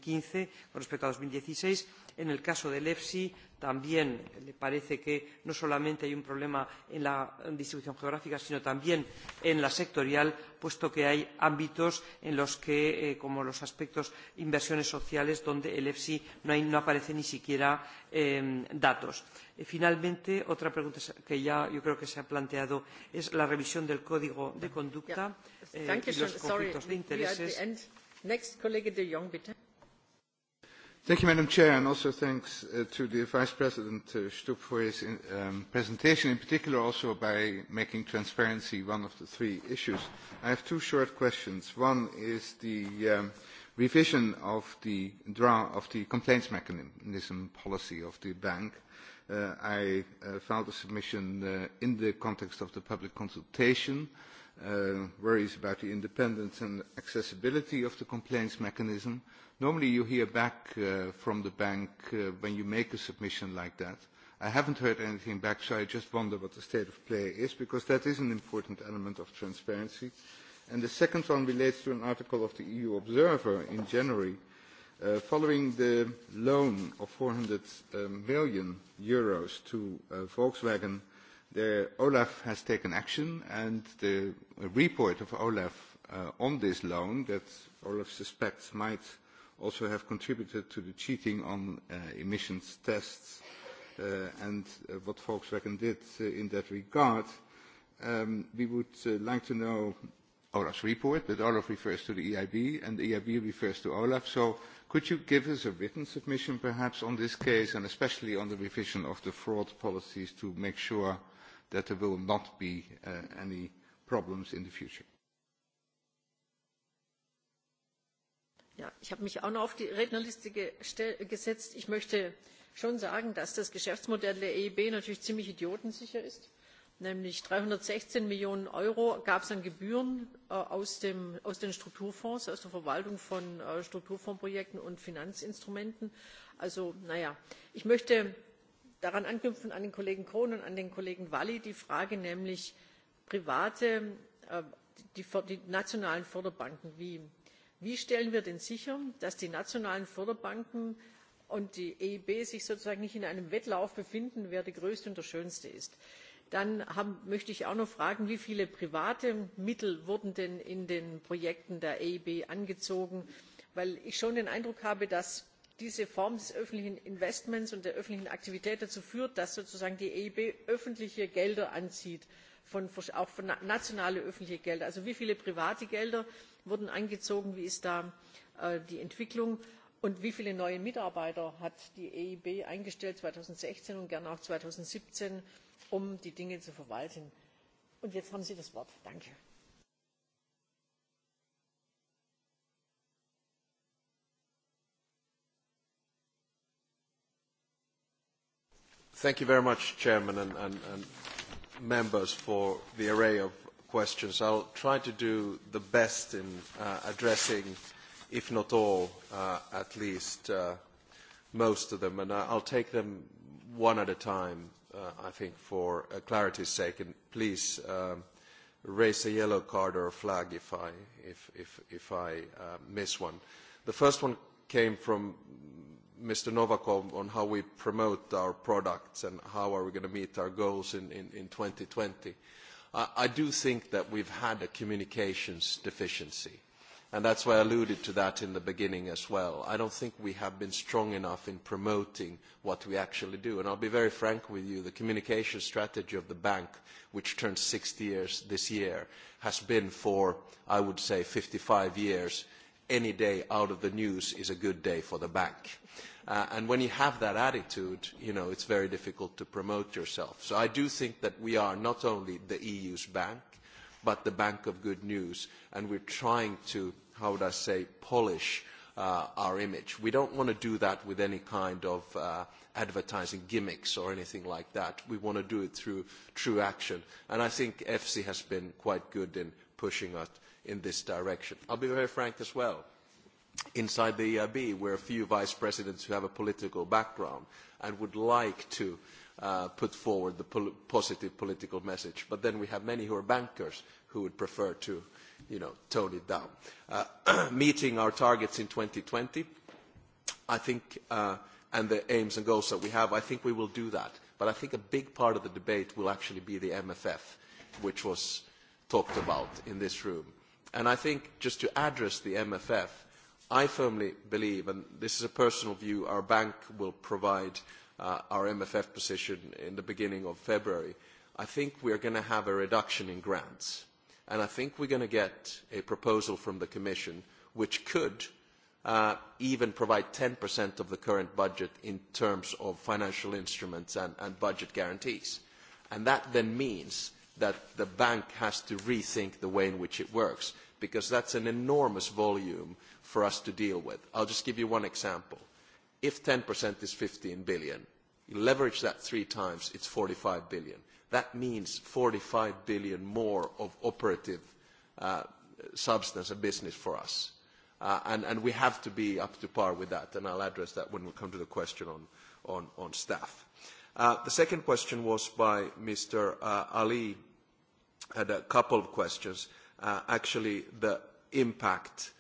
L: quince, con respecto a dos mil dieciseis en el caso del efsi también le parece que no solamente hay un problema en la distribución geográfica sino también en la sectorial puesto que hay ámbitos en los que eh, como los aspectos de inversiones sociales donde el efsi no, feie no aparece ni siquiera datos. finalmente otra pregunta que ya yo creo que se ha planteado es la revisión del código de conducta eh, y los conflictos de intereses.
M: Thank you, Madam Chair, and also thanks uh, to the Vice President uh, Stubb for his in, um, presentation, in particular also by making transparency one of the three issues. I have two short questions. One is the um, revision of the, draw of the complaints mechanism policy of the bank. Uh, I uh, filed a submission uh, in the context of the public consultation uh, worries about the independence and accessibility of the complaints mechanism. Uh, Normally you hear back uh, from the bank uh, when you make a submission like that. I haven't heard anything back, so I just wonder what the state of play is, because that is an important element of transparency. And the second one relates to an article of the EU Observer in January, uh, following the loan of 400 um, uh, million euros to uh, Volkswagen, the Olaf has taken action, and the report of Olaf uh, on this loan that Olaf suspects might also have contributed to the cheating on uh, emissions tests uh, and uh, what Volkswagen did uh, in that regard. Um, we would uh, like to know Olaf's report, but Olaf refers to the EIB and the EIB refers to Olaf. So could you give us a written submission perhaps on this case and especially on the revision of the fraud policies to make sure that there will not be uh, any problems in the future?
A: ich habe mich auch noch auf die rednerliste gesetzt. ich möchte schon sagen dass das geschäftsmodell der eib natürlich ziemlich idiotensicher ist nämlich dreihundertsechzehn millionen euro gab es an gebühren äh, aus, den strukturfonds aus der verwaltung von äh, strukturfondsprojekten und finanzinstrumenten. also naja ich möchte daran anknüpfen an den kollegen cohn und an den kollegen valli die frage nämlich private äh, die, die nationalen förderbanken wie wie stellen wir denn sicher dass die nationalen förderbanken und die eib sich sozusagen nicht in einem wettlauf befinden wer der größte und der schönste ist? dann möchte ich auch noch fragen wie viele private mittel wurden denn in den projekten der eib angezogen? weil ich schon den eindruck habe dass diese form des öffentlichen investments und der öffentlichen aktivität dazu führt dass sozusagen die eib öffentliche gelder anzieht auch von nationale öffentliche Gelder. Also wie viele private Gelder wurden angezogen? Wie ist da äh, die Entwicklung? Und wie viele neue Mitarbeiter hat die EIB eingestellt 2016 und gerne auch 2017, um die Dinge zu verwalten? Und jetzt haben Sie das Wort. Danke.
B: Thank you very much, Chairman, and, and, and members for the array of questions. I'll try to do the best in uh, addressing, if not all, uh, at least uh, most of them, and I'll take them one at a time, uh, I think, for uh, clarity's sake, and please um, raise a yellow card or a flag if I, if, if, if I uh, miss one. The first one came from Mr. Novakov on how we promote our products and how are we going to meet our goals in, in, in 2020. I, I do think that we've had a communications deficiency, and that's why I alluded to that in the beginning as well. I don't think we have been strong enough in promoting what we actually do. And I'll be very frank with you, the communication strategy of the bank, which turns 60 years this year, has been for, I would say, 55 years any day out of the news is a good day for the bank. Uh, and when you have that attitude, you know, it's very difficult to promote yourself. So I do think that we are not only the EU's bank, but the bank of good news, and we're trying to, how would I say, polish uh, our image. We don't want to do that with any kind of uh, advertising gimmicks or anything like that. We want to do it through true action. And I think EFSI has been quite good in pushing us in this direction. I'll be very frank as well inside the EIB, where a few vice presidents who have a political background and would like to uh, put forward the pol positive political message. But then we have many who are bankers who would prefer to, you know, tone it down. Uh, meeting our targets in 2020, I think, uh, and the aims and goals that we have, I think we will do that. But I think a big part of the debate will actually be the MFF, which was talked about in this room. And I think just to address the MFF, i firmly believe, and this is a personal view, our bank will provide uh, our MFF position in the beginning of February. I think we are going to have a reduction in grants, and I think we are going to get a proposal from the Commission which could uh, even provide 10% of the current budget in terms of financial instruments and, and budget guarantees. And that then means that the bank has to rethink the way in which it works because that's an enormous volume for us to deal with. I'll just give you one example. If 10% is 15 billion, you leverage that three times, it's 45 billion. That means 45 billion more of operative uh, substance and business for us. Uh, and, and we have to be up to par with that, and I'll address that when we come to the question on, on, on staff. Uh, the second question was by Mr. Uh, Ali. Had a couple of questions. Uh, actually the impact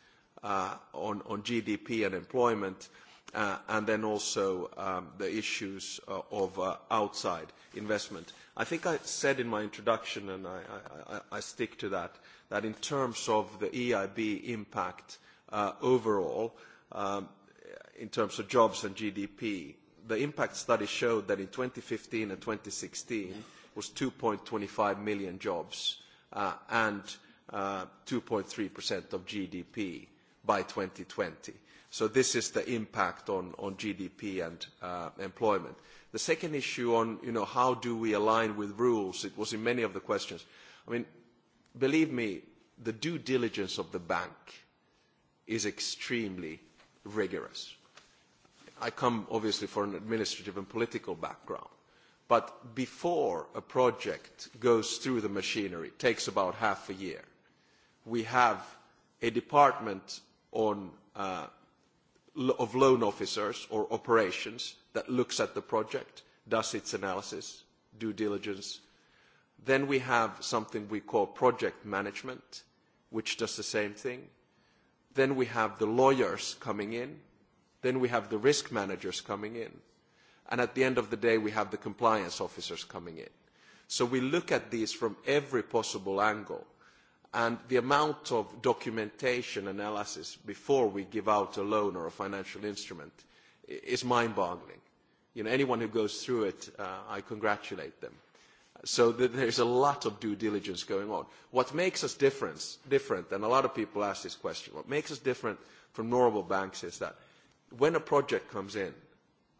B: uh, on, on GDP and employment, uh, and then also um, the issues uh, of uh, outside investment. I think I said in my introduction, and I, I, I stick to that, that in terms of the EIB impact uh, overall, um, in terms of jobs and GDP, the impact study showed that in 2015 and 2016 mm-hmm. was 2.25 million jobs, uh, and uh, 2.3% of GDP by 2020. So this is the impact on, GDP and uh, employment. The second issue on, you know, how do we align with rules, it was in many of the questions. I mean, believe me, the due diligence of the bank is extremely rigorous. I come obviously from an administrative and political background, but before a project goes through the machinery, it takes about half a year we have a department on, uh, of loan officers or operations that looks at the project, does its analysis, due diligence. Then we have something we call project management, which does the same thing. Then we have the lawyers coming in. Then we have the risk managers coming in. And at the end of the day, we have the compliance officers coming in. So we look at these from every possible angle and the amount of documentation analysis before we give out a loan or a financial instrument is mind-boggling. You know, anyone who goes through it, uh, I congratulate them. So th there's a lot of due diligence going on. What makes us difference, different, and a lot of people ask this question, what makes us different from normal banks is that when a project comes in,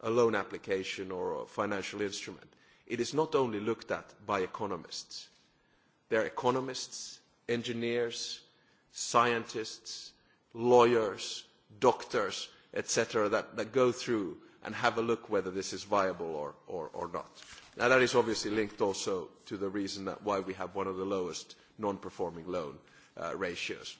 B: a loan application or a financial instrument, it is not only looked at by economists. There are economists, engineers, scientists, lawyers, doctors, etc., that, that go through and have a look whether this is viable or, or, or not. Now, that is obviously linked also to the reason that why we have one of the lowest non-performing loan uh, ratios.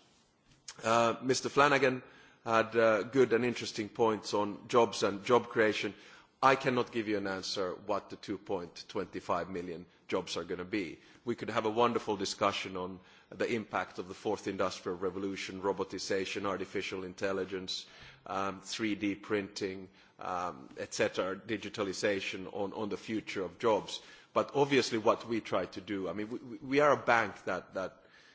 B: Uh, Mr. Flanagan had uh, good and interesting points on jobs and job creation. I cannot give you an answer what the two twenty five million jobs are going to be. We could have a wonderful discussion on the impact of the fourth industrial revolution, robotisation, artificial intelligence, um, 3D printing, um, etc., digitalisation on, on the future of jobs. But obviously what we try to do, I mean, we, we are a bank that, that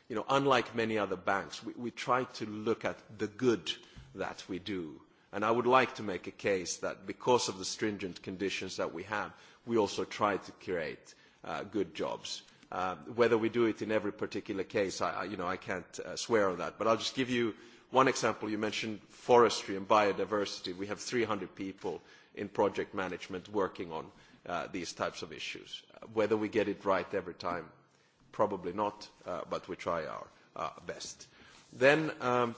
B: you know, unlike many other banks, we, we try to look at the good that we do. And I would like to make a case that because of the stringent conditions that we have, we also try to create uh, good jobs. Uh, whether we do it in every particular case, I, I, you know, I can't uh, swear on that. But I'll just give you one example. You mentioned forestry and biodiversity. We have 300 people in project management working on uh, these types of issues. Uh, whether we get it right every time, probably not, uh, but we try our uh, best. Then um,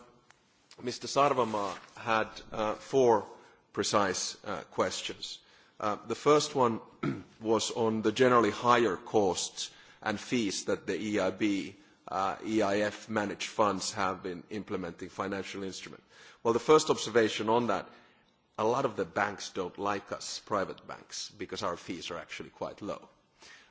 B: Mr. Sarvama had uh, four precise uh, questions. Uh, the first one was on the generally higher costs and fees that the EIB, uh, EIF managed funds have in implementing financial instruments. Well, the first observation on that, a lot of the banks don't like us, private banks, because our fees are actually quite low.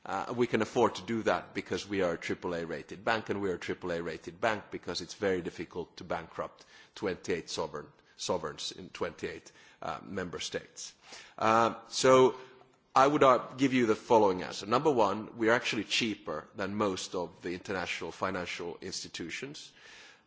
B: Uh, we can afford to do that because we are a AAA-rated bank, and we are a AAA-rated bank because it's very difficult to bankrupt 28 sovereign, sovereigns in 28 uh, member states. Uh, so i would uh, give you the following answer. Number one, we are actually cheaper than most of the international financial institutions.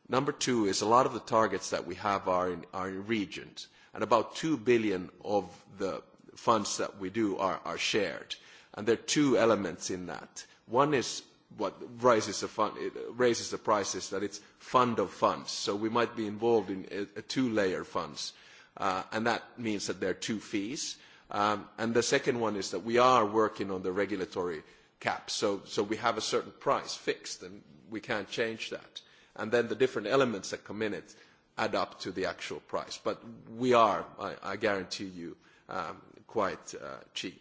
B: Number two is a lot of the targets that we have are in, are in regions, and about two billion of the funds that we do are, are shared. And there are two elements in that. One is what raises the, fund, it uh, raises the prices that it's fund of funds. So we might be involved in a, a two-layer funds, uh, and that means that there are two fees – Um, and the second one is that we are working on the regulatory cap. So, so we have a certain price fixed, and we can't change that. And then the different elements that come in it add up to the actual price. But we are, I, I guarantee you, um, quite uh, cheap.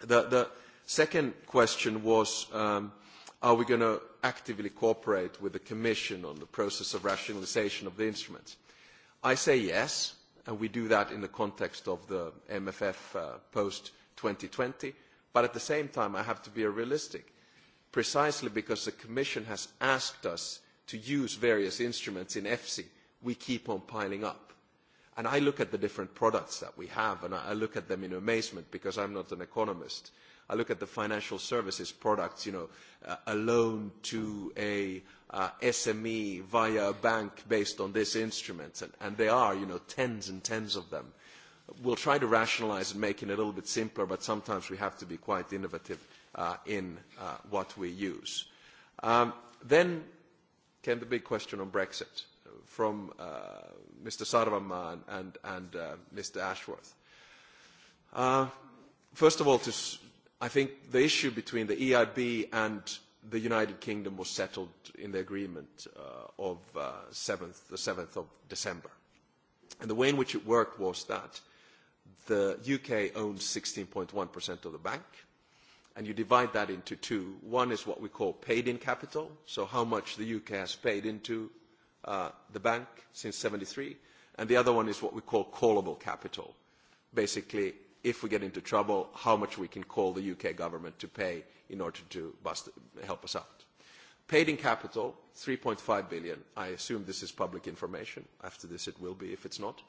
B: The, the second question was, um, are we going to actively cooperate with the Commission on the process of rationalisation of the instruments? I say yes and we do that in the context of the MFF uh, post-2020. But at the same time, I have to be realistic, precisely because the Commission has asked us to use various instruments in EFSI, we keep on piling up. And I look at the different products that we have, and I look at them in amazement because I'm not an economist. Uh, i look at the financial services products, you know, uh, a loan to a uh, SME via a bank based on this instrument, and, and there are, you know, tens and tens of them. We'll try to rationalize and make it a little bit simpler, but sometimes we have to be quite innovative uh, in uh, what we use. Um, then came the big question on Brexit from uh, Mr. Sarvamaa and, and, and uh, Mr. Ashworth. Uh, first of all, to i think the issue between the EIB and the United Kingdom was settled in the agreement uh, of uh, 7th, the 7th of December. And the way in which it worked was that the UK owns 16.1% of the bank, and you divide that into two. One is what we call paid-in capital, so how much the UK has paid into uh, the bank since 73, and the other one is what we call callable capital, basically if we get into trouble, how much we can call the UK government to pay in order to bust, help us out. Paid in capital, 3.5 billion. I assume this is public information. After this, it will be, if it's not.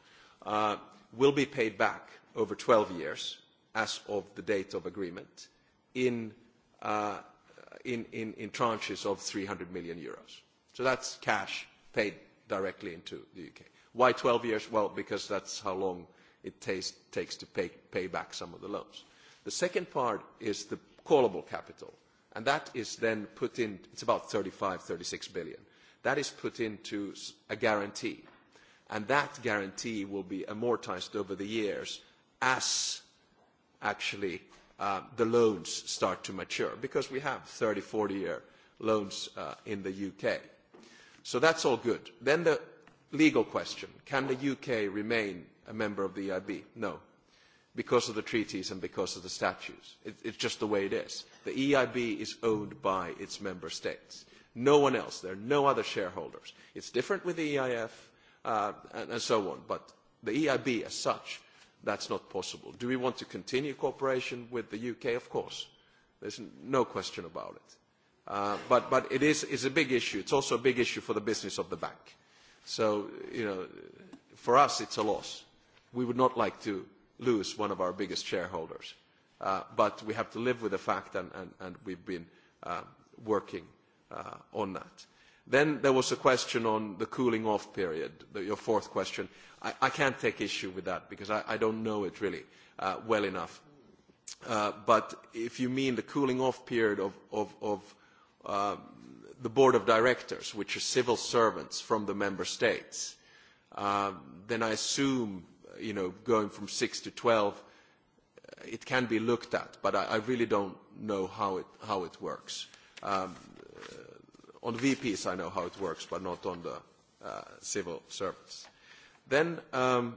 B: Uh, will be paid back over 12 years as of the date of agreement in, uh, in, in, in tranches of 300 million euros. So that's cash paid directly into the UK. Why 12 years? Well, because that's how long it takes to pay, pay back some of the loans. The second part is the callable capital, and that is then put in, it's about 35, 36 billion. That is put into a guarantee, and that guarantee will be amortized over the years as actually uh, the loans start to mature, because we have 30, 40-year loans uh, in the U.K. So that's all good. Then the legal question, can the U.K. remain a member of the EIB. No, because of the treaties and because of the statutes. It, it's just the way it is. The EIB is owned by its member states. No one else. There are no other shareholders. It's different with the EIF uh, and, and so on. But the EIB as such, that's not possible. Do we want to continue cooperation with the UK? Of course. There's no question about it. Uh, but, but it is it's a big issue. It's also a big issue for the business of the bank. So, you know, for us, it's a loss we would not like to lose one of our biggest shareholders. Uh, but we have to live with the fact, and, and, and we've been uh, working uh, on that. Then there was a question on the cooling off period, the, your fourth question. I, I can't take issue with that because I, I don't know it really uh, well enough. Uh, but if you mean the cooling off period of, of, of uh, the board of directors, which are civil servants from the member states, uh, then I assume you know, going from six to 12, uh, it can be looked at, but I, I really don't know how it, how it works. Um, uh, on VPs, I know how it works, but not on the uh, civil service. Then um,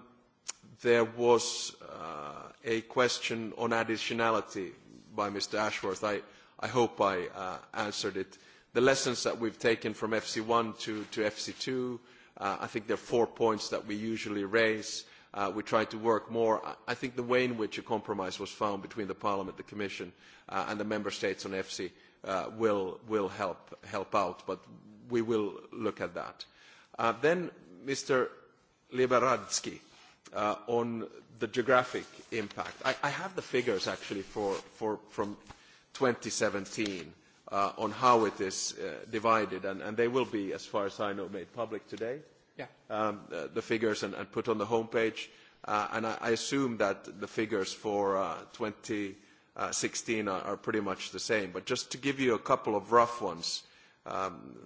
B: there was uh, a question on additionality by Mr. Ashworth. I, I hope I uh, answered it. The lessons that we've taken from FC1 to, to FC2, uh, I think there are four points that we usually raise Uh, we tried to work more. I think the way in which a compromise was found between the Parliament, the Commission, uh, and the Member States on EFSI uh, will, will help, help out, but we will look at that. Uh, then Mr. Liberadsky uh, on the geographic impact. I, I have the figures actually for, for, from 2017 uh, on how it is uh, divided, and, and they will be, as far as I know, made public today yeah. Um, uh, the figures and, put on the homepage. Uh, I, I assume that the figures for uh, 2016 are, are pretty much the same. But just to give you a couple of rough ones, um,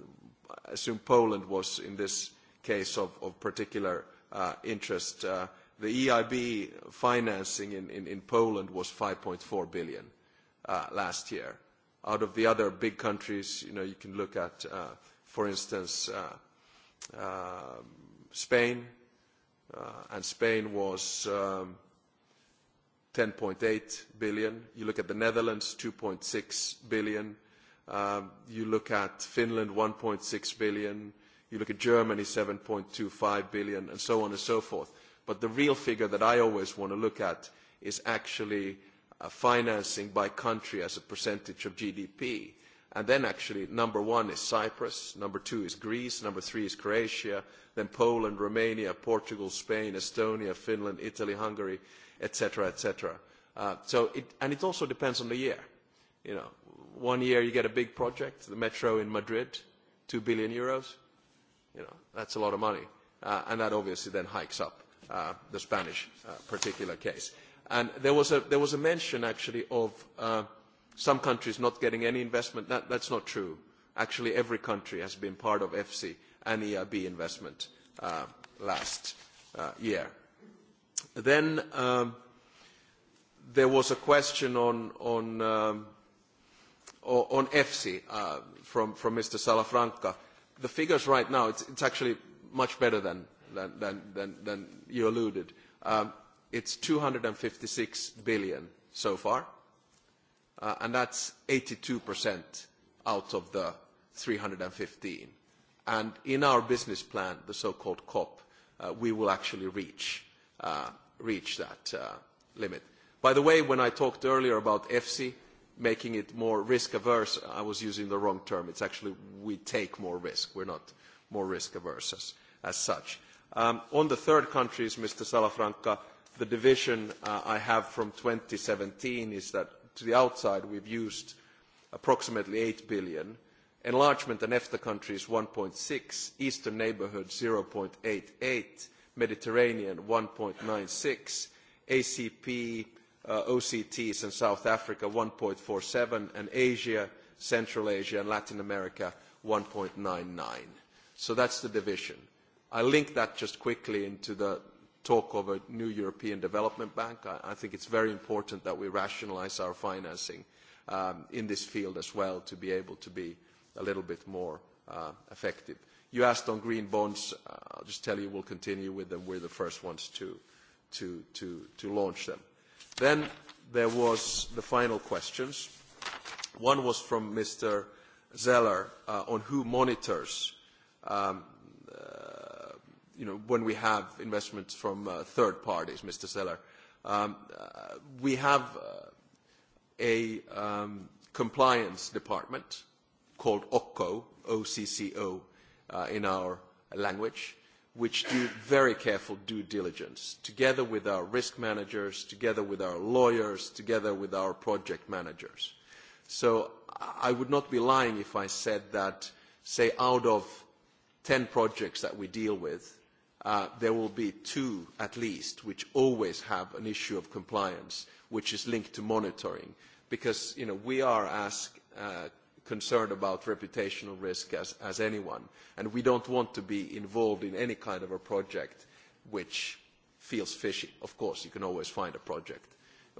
B: I assume Poland was in this case of, of particular uh, interest. Uh, the EIB financing in, in, in Poland was 5.4 billion uh, last year. Out of the other big countries, you know, you can look at, uh, for instance, uh, Uh, Spain, uh, and Spain was um, 10.8 billion. You look at the Netherlands, 2.6 billion. Um, you look at Finland, 1.6 billion. You look at Germany, 7.25 billion, and so on and so forth. But the real figure that I always want to look at is actually uh, financing by country as a percentage of GDP And then actually number one is Cyprus, number two is Greece, number three is Croatia, then Poland, Romania, Portugal, Spain, Estonia, Finland, Italy, Hungary, etc., etc. Uh, so it, and it also depends on the year. You know, one year you get a big project, the metro in Madrid, two billion euros. You know, that's a lot of money, uh, and that obviously then hikes up uh, the Spanish uh, particular case. And there was a there was a mention actually of. Uh, some countries not getting any investment. That, that's not true. Actually, every country has been part of EFSI and EIB investment uh, last uh, year. Then um, there was a question on, on, um, on EFSI uh, from, from Mr. Salafranca. The figures right now, it's, it's actually much better than, than, than, than you alluded. Um, it's 256 billion so far uh, and that's 82% out of the three hundred And fifteen. And in our business plan, the so-called COP, uh, we will actually reach, uh, reach that uh, limit. By the way, when I talked earlier about EFSI, making it more risk-averse, I was using the wrong term. It's actually we take more risk. We're not more risk-averse as, as such. Um, on the third countries, Mr. Salafranca, the division uh, I have from seventeen is that to the outside, we have used approximately eight billion. Enlargement and EFTA countries one six, Eastern Neighbourhood zero eight eight, Mediterranean one six, ACP, uh, OCTs and South Africa one seven and Asia, Central Asia, and Latin America one nine nine. So that's the division. I link that just quickly into the talk of a new European Development Bank. I, I think it's very important that we rationalise our financing um, in this field as well to be able to be a little bit more uh, effective. You asked on green bonds. Uh, I'll just tell you we'll continue with them. We're the first ones to, to, to, to launch them. Then there was the final questions. One was from Mr. Zeller uh, on who monitors um, you know, when we have investments from uh, third parties, Mr. Seller, um, uh, we have uh, a um, compliance department called OCCO, O uh, in our language, which do very careful due diligence, together with our risk managers, together with our lawyers, together with our project managers. So I would not be lying if I said that, say, out of ten projects that we deal with, Uh, there will be two at least which always have an issue of compliance which is linked to monitoring because you know, we are as uh, concerned about reputational risk as, as anyone and we don't want to be involved in any kind of a project which feels fishy. Of course, you can always find a project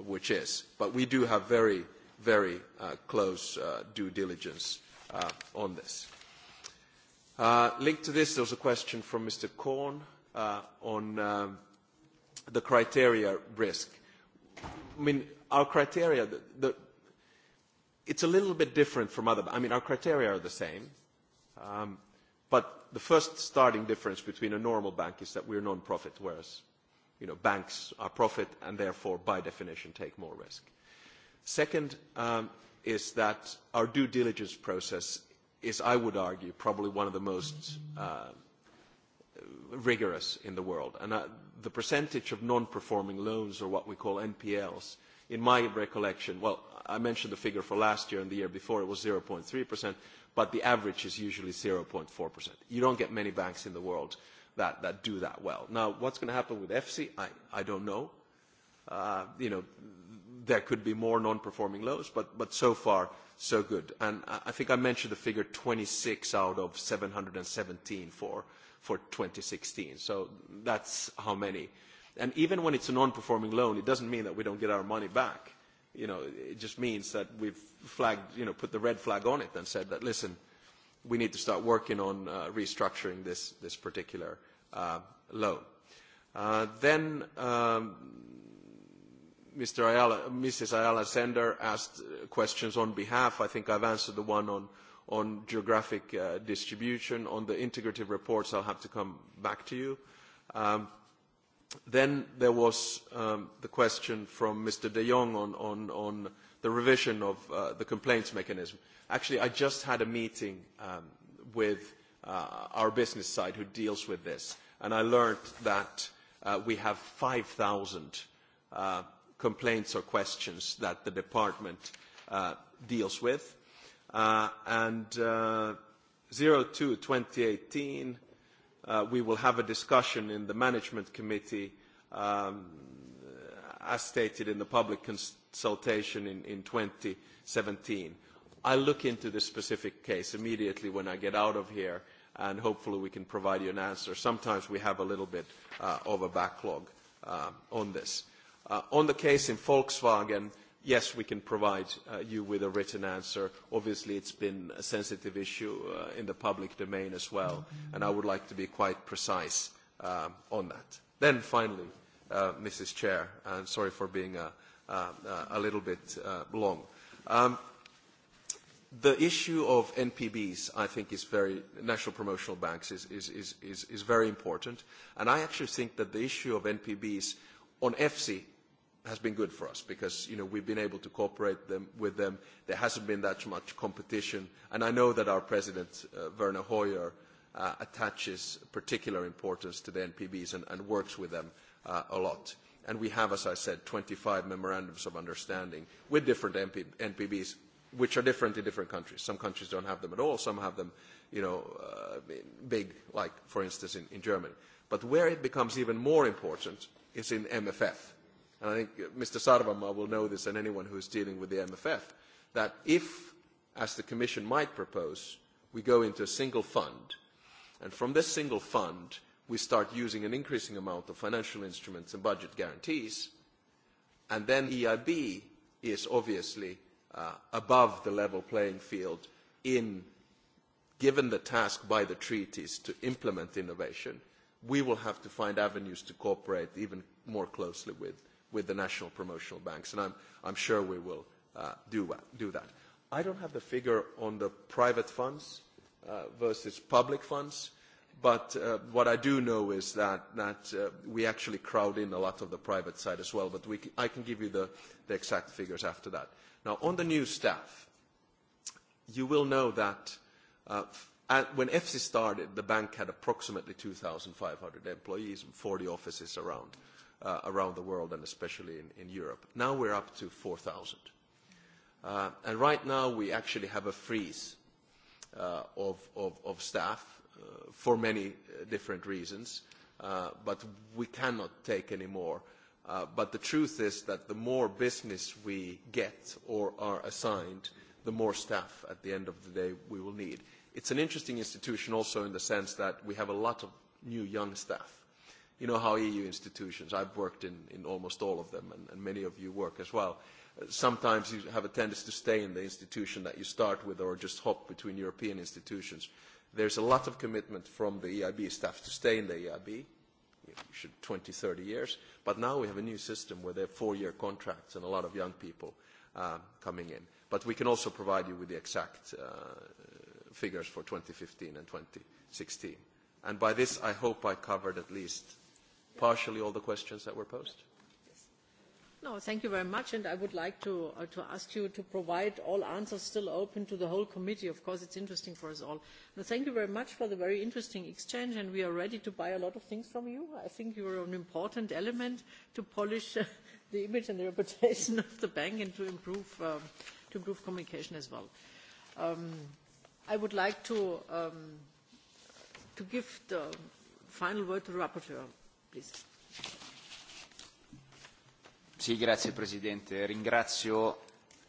B: which is, but we do have very, very uh, close uh, due diligence uh, on this. Uh, linked to this, there was a question from Mr. Korn uh, on um, the criteria risk. I mean, our criteria, the, it's a little bit different from other, I mean, our criteria are the same, um, but the first starting difference between a normal bank is that we're non-profit, whereas, you know, banks are profit and therefore by definition take more risk. Second um, is that our due diligence process is, I would argue, probably one of the most uh, rigorous in the world. And uh, the percentage of non-performing loans, or what we call NPLs, in my recollection, well, I mentioned the figure for last year and the year before, it was 0.3%, but the average is usually 0.4%. You don't get many banks in the world that, that do that well. Now, what's going to happen with EFSI? I, I don't know. Uh, you know, there could be more non-performing loans, but, but so far, so good. And I, I think I mentioned the figure 26 out of 717 for for 2016. So that's how many. And even when it's a non-performing loan, it doesn't mean that we don't get our money back. You know, it just means that we've flagged, you know, put the red flag on it and said that, listen, we need to start working on uh, restructuring this, this particular uh, loan. Uh, then um, Mr. Ayala, Mrs. Ayala Sender asked questions on behalf. I think I've answered the one on on geographic uh, distribution, on the integrative reports, I'll have to come back to you. Um, then there was um, the question from Mr. De Jong on, on, on the revision of uh, the complaints mechanism. Actually, I just had a meeting um, with uh, our business side who deals with this, and I learned that uh, we have 5,000 uh, complaints or questions that the department uh, deals with Uh, and uh, 02 2018, uh, we will have a discussion in the management committee, um, as stated in the public consultation in, in 2017. I'll look into this specific case immediately when I get out of here, and hopefully we can provide you an answer. Sometimes we have a little bit uh, of a backlog uh, on this. Uh, on the case in Volkswagen, yes, we can provide uh, you with a written answer. Obviously, it's been a sensitive issue uh, in the public domain as well, and I would like to be quite precise uh, on that. Then finally, uh, Mrs. Chair, and uh, sorry for being a, uh, a, a little bit uh, long. Um, the issue of NPBs, I think, is very, national promotional banks, is, is, is, is, is very important. And I actually think that the issue of NPBs on EFSI has been good for us because you know, we've been able to cooperate them, with them. There hasn't been that much competition. And I know that our president, uh, Werner Hoyer, uh, attaches particular importance to the NPBs and, and works with them uh, a lot. And we have, as I said, 25 memorandums of understanding with different MP, NPBs, which are different in different countries. Some countries don't have them at all. Some have them, you know, uh, big, like, for instance, in, in Germany. But where it becomes even more important is in MFF and I think uh, Mr. Sarvamaa will know this and anyone who is dealing with the MFF, that if, as the Commission might propose, we go into a single fund, and from this single fund we start using an increasing amount of financial instruments and budget guarantees, and then EIB is obviously uh, above the level playing field in given the task by the treaties to implement innovation, we will have to find avenues to cooperate even more closely with with the national promotional banks, and I'm, I'm sure we will uh, do, do that. I don't have the figure on the private funds uh, versus public funds, but uh, what I do know is that, that uh, we actually crowd in a lot of the private side as well, but we c I can give you the, the exact figures after that. Now, on the new staff, you will know that uh, at, when EFSI started, the bank had approximately 2,500 employees and 40 offices around. Uh, uh, around the world and especially in, in Europe. Now we're up to 4,000. Uh, and right now we actually have a freeze uh, of, of, of staff uh, for many uh, different reasons, uh, but we cannot take any more. Uh, but the truth is that the more business we get or are assigned, the more staff at the end of the day we will need. It's an interesting institution also in the sense that we have a lot of new young staff you know how EU institutions, I've worked in, in almost all of them, and, and many of you work as well. Sometimes you have a tendency to stay in the institution that you start with or just hop between European institutions. There's a lot of commitment from the EIB staff to stay in the EIB, you should 20, 30 years, but now we have a new system where there are four-year contracts and a lot of young people uh, coming in. But we can also provide you with the exact uh, figures for 2015 and 2016. And by this, I hope I covered at least – partially all the questions that were posed.
A: No, thank you very much, and I would like to, uh, to ask you to provide all answers still open to the whole committee. Of course, it's interesting for us all. No, thank you very much for the very interesting exchange, and we are ready to buy a lot of things from you. I think you are an important element to polish uh, the image and the reputation of the bank and to improve, um, to improve communication as well. Um, I would like to, um, to give the final word to the rapporteur. Please.
C: Presidente. Ringrazio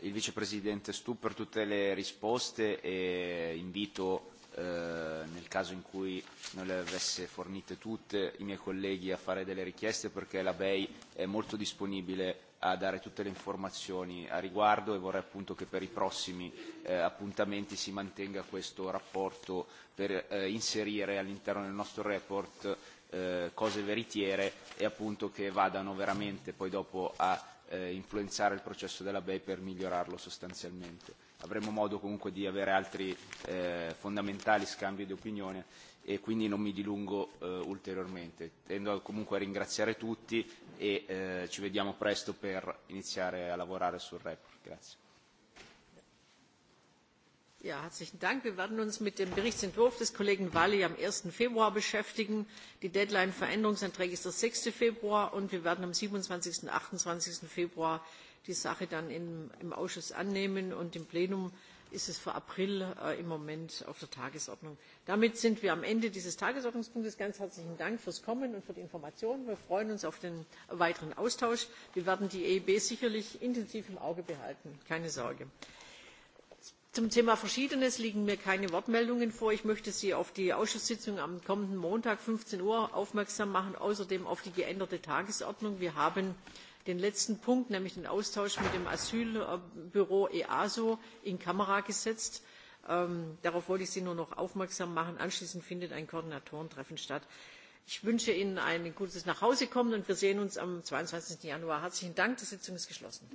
C: il Vicepresidente Stu per tutte le risposte e invito eh, nel caso in cui non le avesse fornite tutte i miei colleghi a fare delle richieste perché la BEI è molto disponibile a dare tutte le informazioni a riguardo e vorrei appunto che per i prossimi eh, appuntamenti si mantenga questo rapporto per eh, inserire all'interno del nostro report Eh, cose veritiere e appunto che vadano veramente poi dopo a eh, influenzare il processo della BEI per migliorarlo sostanzialmente. Avremo modo comunque di avere altri eh, fondamentali scambi di opinione e quindi non mi dilungo eh, ulteriormente. Tendo comunque a ringraziare tutti e eh, ci vediamo presto per iniziare a lavorare sul report. Grazie
A: herzlichen Dank. Wir werden uns mit dem Berichtsentwurf des Kollegen Valli am eins Februar beschäftigen. Die Deadline für Änderungsanträge ist der sechs Februar und wir werden am siebenundzwanzig und achtundzwanzig. Februar die Sache dann im, Ausschuss annehmen und im Plenum ist es für April äh, im Moment auf der Tagesordnung. Damit sind wir am Ende dieses Tagesordnungspunktes. Ganz herzlichen Dank fürs Kommen und für die Informationen. Wir freuen uns auf den weiteren Austausch. Wir werden die EIB e sicherlich intensiv im Auge behalten. Keine Sorge. Zum Thema Verschiedenes liegen mir keine Wortmeldungen vor. Ich möchte Sie auf die Ausschusssitzung am kommenden Montag 15 Uhr aufmerksam machen, außerdem auf die geänderte Tagesordnung. Wir haben den letzten Punkt, nämlich den Austausch mit dem Asylbüro EASO, in Kamera gesetzt. Ähm, darauf wollte ich Sie nur noch aufmerksam machen. Anschließend findet ein Koordinatorentreffen statt. Ich wünsche Ihnen ein gutes Nachhausekommen und wir sehen uns am 22. Januar. Herzlichen Dank. Die Sitzung ist geschlossen.